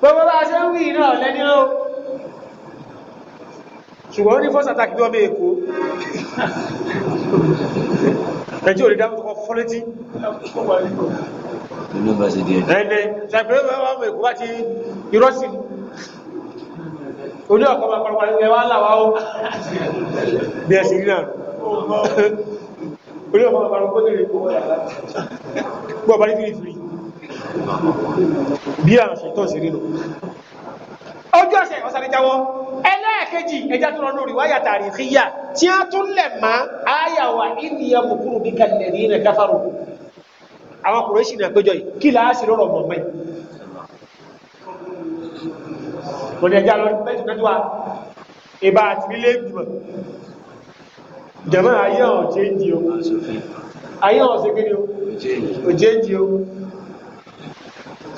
gbogbo bá ṣe ń wí náà lẹ́ni ó ṣùgbọ́n ní fọ́sí àtàkì bí ọmọ èkó ẹjọ́ òrìdá ọkọ̀ fọ́létí inú bá ṣe díẹ̀ ẹni ṣàpẹ̀lẹ́ ọmọ èkó bá ti irọ́sìn ojú ọ̀kọ́ ma pàpàá ilẹ̀ wá láwá ó bí ẹ̀sì rí náà ojú ọ̀kọ́ ma pàpàá kó lè rí gbọ́ bá ní fìrí fìrí bí àwọn ṣètọ́ sí rínú ojú ọ̀sẹ̀ ọ̀sàríjáwọ́ ẹlẹ́ẹ̀kejì ẹjá tó rọrùn rí wáyà tààrí fíyà tí a tún lẹ̀ má áyàwà ìníyà mùkúrù bí kalẹ̀ ní ilẹ̀ káfàrù àwọn kùrẹ́sì ní àpéjọ yìí kí láásì lọ́rọ̀ mọ̀mọ́ kò ní ẹjá lọ mẹ́jọ mẹ́jọ wa ìbá àti ilé ìgbìmọ̀ jẹ̀mọ́ ayé ọ̀n ṣe ń di o ayé ọ̀n ṣe kí ni o ṣe ń di o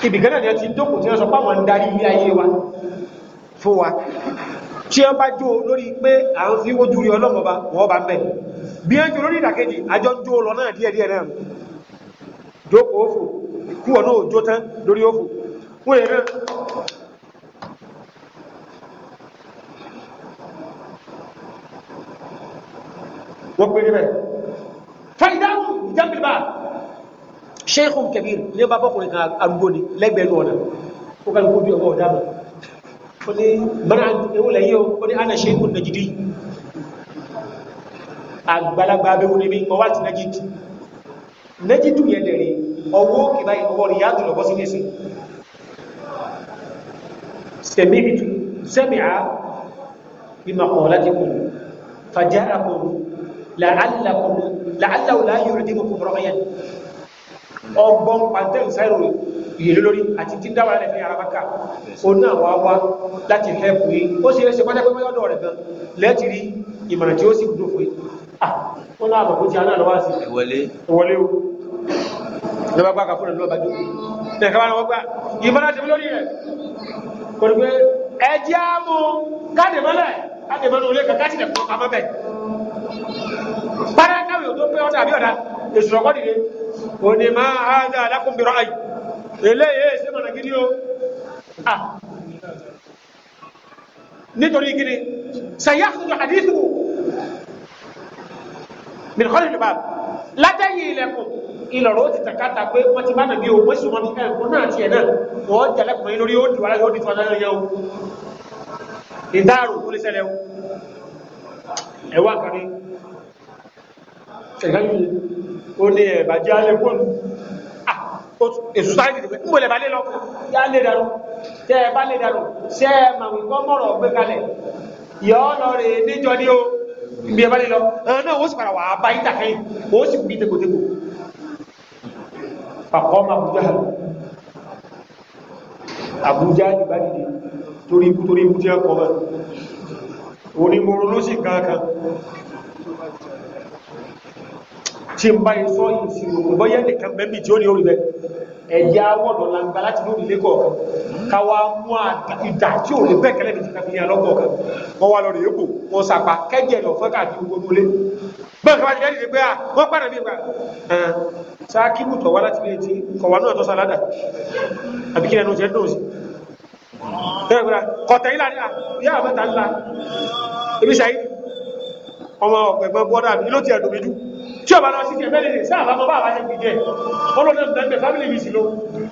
ibìkan ni ẹ ti dókùn tí wọ́n sọ páwọn darí ilé ayé wa fún wa tí wọ́n bá jó lórí pé à ń fi wójú rí ọlọ́mọba wọ́n bá ń bẹ̀ bí ẹjọ́ lórí ìdàkejì àjọ ń jó lọ náà díẹ̀díẹ̀ náà wọ́n pè níbẹ̀ fàìdáhùn ìjábìlbà ṣéhùn kẹbìr ní ọba bọ́kùnrin kan arúgbó ni lẹ́gbẹ̀ẹ́ lọ́nà ó kàn kó bí ọwọ́ ọ̀dáàmà ó ní mara ewu lẹ́yìn ó ní ana ṣéhùn nàìjírí àgbàlagbà abẹ́wò níbi ọwá ti nàìjírí nàìjírí yẹn dẹ̀rẹ̀ ọwọ́ kìbá ọwọ́ rí yàtọ̀ lọ́bọ́ sí fàjá àkùn la'allakum la'allahu la yu'dibukum ra'yan ọgbọ́n pàtẹ́lù sáìrò ìyèlú lórí àti tí dáwà rẹ̀ fi arabaka ó náà wá wá láti hẹ́pù yí ó sì rẹ̀ ṣe pàtàkì mẹ́lọ́dọ̀ rẹ̀ gan lẹ́tì rí ìmọ̀ràn tí ó sì gbúdò fún yí ó náà bàbá tí a náà lọ́wọ́ sí ìwọlé o lọ́wọ́ gbá kàfún ìlú ọba jókòó ẹ̀ka mú káàdì mọ́lẹ̀ káàdì mọ́lẹ̀ pátá káwé tó pé ọ̀dà àbí ọ̀dà èsù ọkọ dìde òní máa á dá alákùnbìrọ ayì eléyè ṣe mọ̀nà gidi o nítorí gidi sàyà fún àdísù mìlíkọ́lì ìjọba látẹ̀yìn ilẹ̀kùn ìlọ̀rọ̀ ó ti tàkátà pé wọ́n ti bá nà o wọ́n sì wọ́n ẹ̀kún náà tiẹ̀ náà wọ́n jẹ́lẹ̀kùn yín lórí ó dìwà láyé ó dìtò aláyọ̀ yẹn o ìdáàrò ó lè ṣẹlẹ̀ o ẹ̀wọ́n kan ní ṣẹ̀gẹ́gbì ó ní ẹ̀bà jẹ́ alẹ́ fóònù èsùsáìdì rẹ̀ ń bọ̀lẹ̀ bá lé lọ yá lè dàrú tẹ́ ẹ bá lè dàrú ṣẹ́ ẹ màwí kọ́ mọ̀rọ̀ gbé kalẹ̀ yọ́ lọ rè níjọ ní o bí ẹ bá lè lọ ẹ̀rọ náà ó sì padà wà á bá yíta Abuja Abuja ìbádìí torí ikú torí ikú tí ẹ kọ́ mọ́ onímọ̀rọ̀ tí ń bá yí sọ yìí sí òun bọ́yẹ́ nìkan mẹ́bí tí ó ní orí rẹ̀ ẹ̀yà wọ̀dọ̀ làǹgbà láti ló nílé kọ̀ọ̀kan káwa mú ìdà tí ò lè bẹ́ẹ̀kẹ́lẹ́ méjì kan fìyà lọ́kọ̀ọ̀kan wọ́n wá lọ rèé bò wọ́n sàpá kẹ́jẹ̀ lọ fẹ́ káàkiri gbogbo lé bẹ́ẹ̀ kọ́wàá ti lẹ́yìn ní pé à ah, wọ́n pàdé bí ìgbà sáà kí mùtọ̀ wá láti lè ti kọ̀wá náà tó sàládà àbí kí ẹnu ah, ọmọ ọ̀pẹ̀gbọ́n bọ́dà ní ló ti ẹ̀dùn mi tí ọba lọ sí ẹgbẹ́ lè sáà bá bá àwọn ẹgbẹ́ jẹ́ ọlọ́dún ẹgbẹ́ ẹgbẹ́ fámìlì mi sì lọ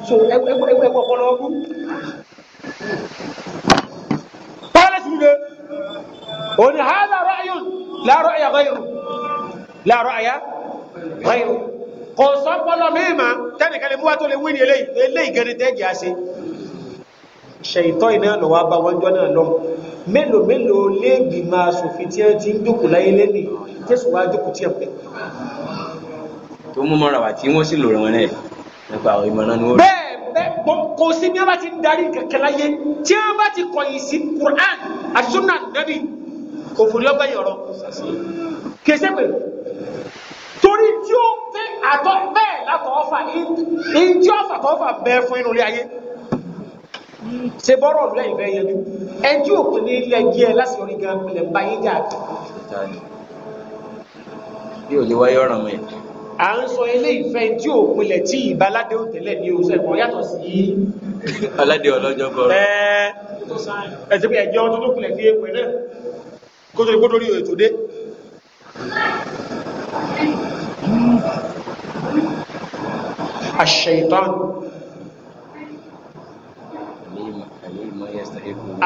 so ẹgbẹ́ ọpọlọ ọdún palace mu de òní hàdà ra'yun la ra'ya ghayru la ra'ya ghayru kò sọ́pọ̀lọ́ mìíràn tẹ́nìkan lè mú wa tó lè wí ní eléyìí eléyìí gẹ́ni tẹ́gì á ṣe ṣèyítọ́ iná lọ wá bá wọ́njọ́ náà lọ mélòó mélòó léègbì máa sòfin tí ẹ ti ń dùkù láyé lẹ́nì jésù wá dùkù tí ẹ pẹ́. tó mú mọ́ra wà tí wọ́n sì lò wọn náà nípa àwọn ìmọ̀ràn ni wọ́n. bẹ́ẹ̀ bẹ́ẹ̀ kò sí bí wọ́n bá ti ń darí kẹ̀kẹ́ láyé tí wọ́n bá ti kọ̀yìn sí Quran àti sunnah nabi òfòrí ọgbà yọ̀rọ̀ kèsè pé torí tí ó fẹ́ àtọ́ bẹ́ẹ̀ látọ̀ ọ̀fà ní tí ó fàtọ̀ ọ̀fà bẹ́ẹ̀ fún inú ilé ayé ṣe bọ́rọ̀ lẹ́ ìfẹ́ yẹjú ẹjú òpin ní ilẹ̀ gíẹ̀ láti orí gan ilẹ̀ báyé jà kí. bí ò lè wáyé ọ̀ràn mi. à ń sọ ilé ìfẹ́ tí òpin lẹ̀ tí ìbá aládé ò tẹ́lẹ̀ ní oṣù ẹ̀kọ́ yàtọ̀ sí. aládé ọlọ́jọ́ kọ. ẹ ẹ ti pé ẹjọ́ tó tó kulẹ̀ fi èèpẹ̀ náà kó tó kó lórí ètò dé. àṣẹ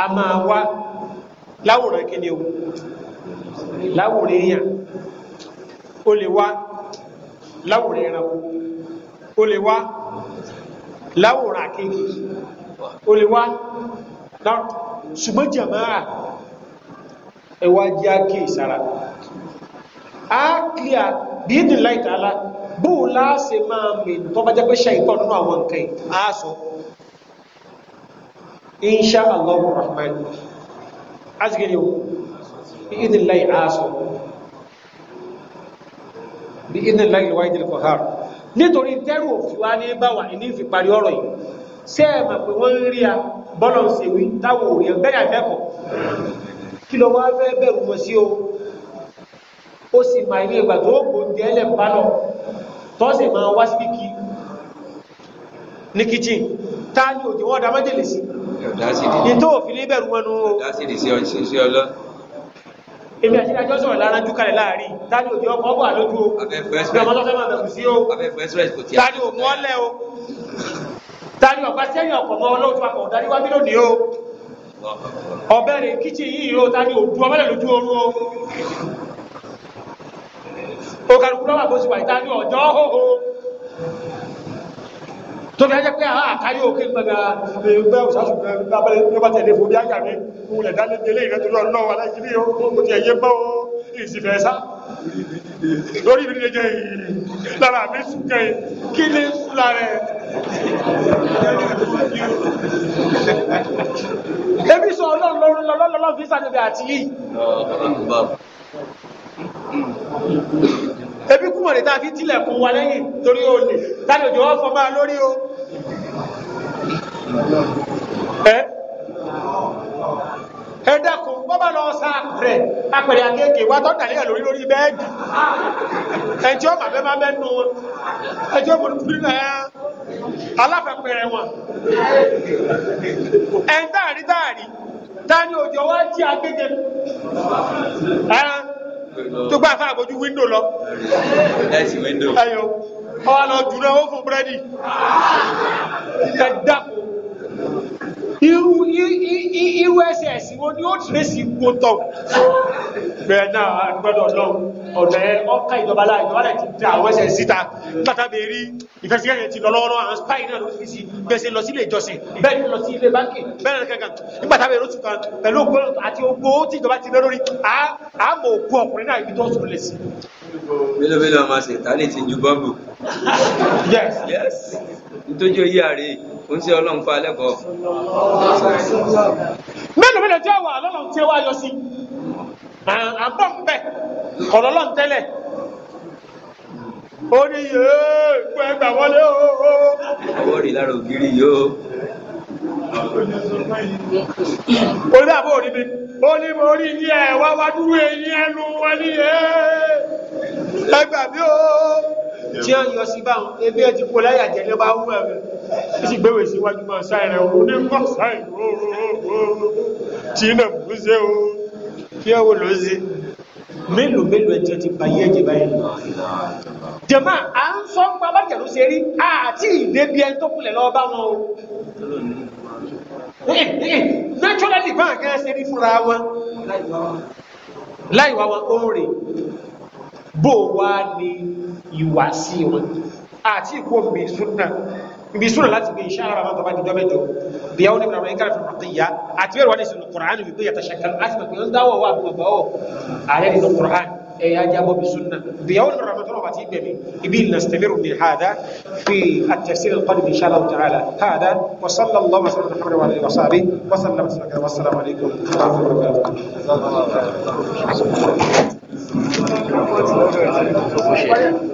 a máa wá láwòrán kíni o láwòrán èèyàn ó lè wá láwòrán ẹranko ó lè wá láwòrán àkéèkì ó lè wá ṣùgbọ́n jàmáà ẹwà jẹ́ àkè ìsára àkíyà bí ìdìláìtàlá bóò láàṣẹ máa mẹ́ tọ́bájẹ́ pé ṣe ìtọ́ nínú àwọn nǹkan àásọ insha Allah rahman asìkiri o bí ìdí láì aṣọ bí ìdí láì lọ́wọ́ ìdí kọ̀hár nítorí tẹ́rù òfin wa ní báwà ní fi parí ọ̀rọ̀ yìí sẹ́ ẹ̀ mà pé wọ́n ń rí a bọ́lọ̀ ń sèwí táwọn òòyàn bẹ́ẹ̀ àfẹ́kọ̀ọ́ kí lọ wá fẹ́ bẹ̀rù mọ̀ sí o ó sì máa ní ìgbà tó gbòǹdé ẹlẹ̀ balọ̀ tó sì máa wá sí kí ní kíchìn táà ní òjò wọ́n dá mẹ́jẹ̀lẹ̀ sí i ní tó fi ní bẹ̀rù wọn nú èmi àti ìdájọ́ sọ̀rọ̀ lára jù kalẹ̀ láàrin tàbí òjò ọkọ̀ ọgbà lójú o ìgbàmọ́ tó fẹ́ máa bẹ̀rù sí o tàbí òmú ọlẹ́ o tàbí ọ̀pá sẹ́yìn ọ̀pọ̀ mọ́ ọlọ́tún àpọ̀ ọ̀dájú wá mílò ní o ọ̀bẹ̀rẹ̀ kíchì yìí o tàbí òdu ọmọlẹ̀ lójú oru o òkàlùkù lọ́wọ́ àbòsíwà ìtàbí ọjọ́ hóhó tó fi ajẹ́ pé àwọn àkáyé òkè gbọ́nà ẹgbẹ́ òṣàṣùgbọ́n lábẹ́lẹ́ tó bá tẹ̀lé fún bí áyà mi òun lẹ̀ dálé délé ìrẹ́tò lọ lọ́wọ́ aláìkiri ó ti ẹ̀yẹ bọ́ ìsìnfẹ́ sá lórí ibi nílé jẹ́ lára mi sùkẹ́ kí ní fúlà rẹ̀ ebi sọ ẹbí kúmọ̀ lè tàbí tílẹ̀ kún wa lẹ́yìn torí o lè tàbí òjò wọ́n fọ́ máa lórí o ẹ dákun bọ́bá lọ sa rẹ̀ apẹ̀rẹ̀ akéèké wá tọ́ dàlẹ́ lórí lórí bẹ́ẹ̀dì ẹjọ́ màbẹ́ máa bẹ́ẹ̀ nù wọn ẹjọ́ mọ̀ nítorí náà aláfẹ́pẹ̀rẹ̀ wọn ẹ̀ ń dáàrí dáàrí ta ni òjò wá jí akéèké ẹ̀ tó gbà fáà bójú wíńdò lọ. ẹ̀sìn wíńdò. ẹ̀yọ́ ọ̀lọ́ jùlọ ó fún búrẹ́dì. Ah. ẹ dákun irú ẹsẹ̀ ẹ̀sìn wo ni ó tìrẹsì wo tọ̀ bẹ́ẹ̀ náà agbọ́dọ̀ lọ ọ̀dọ̀ ẹ ọkà ìjọba láà ìjọba láì ti dá àwọn ẹsẹ̀ síta látàbí rí ìfẹsíkẹ́yẹ ti lọ lọ́wọ́rọ́ àwọn spy náà ló fi sí gbèsè lọ sílé ìjọsìn bẹ́ẹ̀ ni lọ sí ilé báńkì bẹ́ẹ̀ ni kankan nígbà tábí èrò tù kan pẹ̀lú ògbó àti ògbó tí ìjọba ti lọ lórí àmọ́ òkú ọkùnrin náà ibi tó sùn lè sí. mélòó mélòó ọmọ ṣètà lè ti ju bọ́ọ̀bù. yes. yes nítorí oyé àrè òun ṣe ọlọ́run fún alẹ́ kọ́. mélòó mélòó tí ó wà lọ́lọ́run tí ó wá yọ sí àbọ̀ ń bẹ̀ ọ̀rọ̀ lọ́n tẹ́lẹ̀ ó ní yóò pẹ́ gbà wọlé o. ọwọ́ rí lára ògiri yóò. orí àbọ̀ òrí mi ó ní mo rí ní ẹ̀ wá wá dúró ẹ̀yìn ẹnu wọn ní ẹ̀ ẹgbàá mi o tí ó yọ sí báhùn ebí ẹ ti kó láyà jẹ lọ bá wúwẹ̀ rẹ̀ ó sì gbéwè sí wájú máa sáìrẹ̀ òun ní pọ̀ sáìrẹ̀ tí iná bú sí o kí ọwọ́ ló sí mélòó mélòó ẹjọ́ ti bàyẹ́ ẹjẹ́ báyìí jẹ̀má à ń sọ ń pa bájẹ̀ ló ṣe rí àti ìdébí ẹni tó kulẹ̀ lọ bá wọn o eh, eh, eh, naturally báwọn gẹ́gẹ́ ṣe rí fúnra wọn láìwá wọn ó bó wá ní ìwà sí wọn àti ìkó mìsúnà mìsúnà láti gbé iṣẹ́ ara àwọn tọ́bájú jọmẹjọ bí yàwó nípa àwọn ìkàrà fún àtìyà àti bẹ́rẹ̀ wọ́n ní sínú kùránì wípé yàtà ṣàkàlù láti mọ̀ pé ó ń dáwọ̀ wà bí bàbá ọ̀ ààrẹ nínú kùránì ẹ̀yà jábọ̀ mìsúnà bí yàwó nípa àwọn tọ́bájú àti ìgbẹ̀mí ibi nastamirru min hadha fi at-tafsir al-qadim insha Allah ta'ala hadha wa sallallahu wa sallam muhammad wa alihi wa sahbihi wa sallam wa sallam wa sallam alaykum wa rahmatullahi wa barakatuh 我们会从这里公布谢谢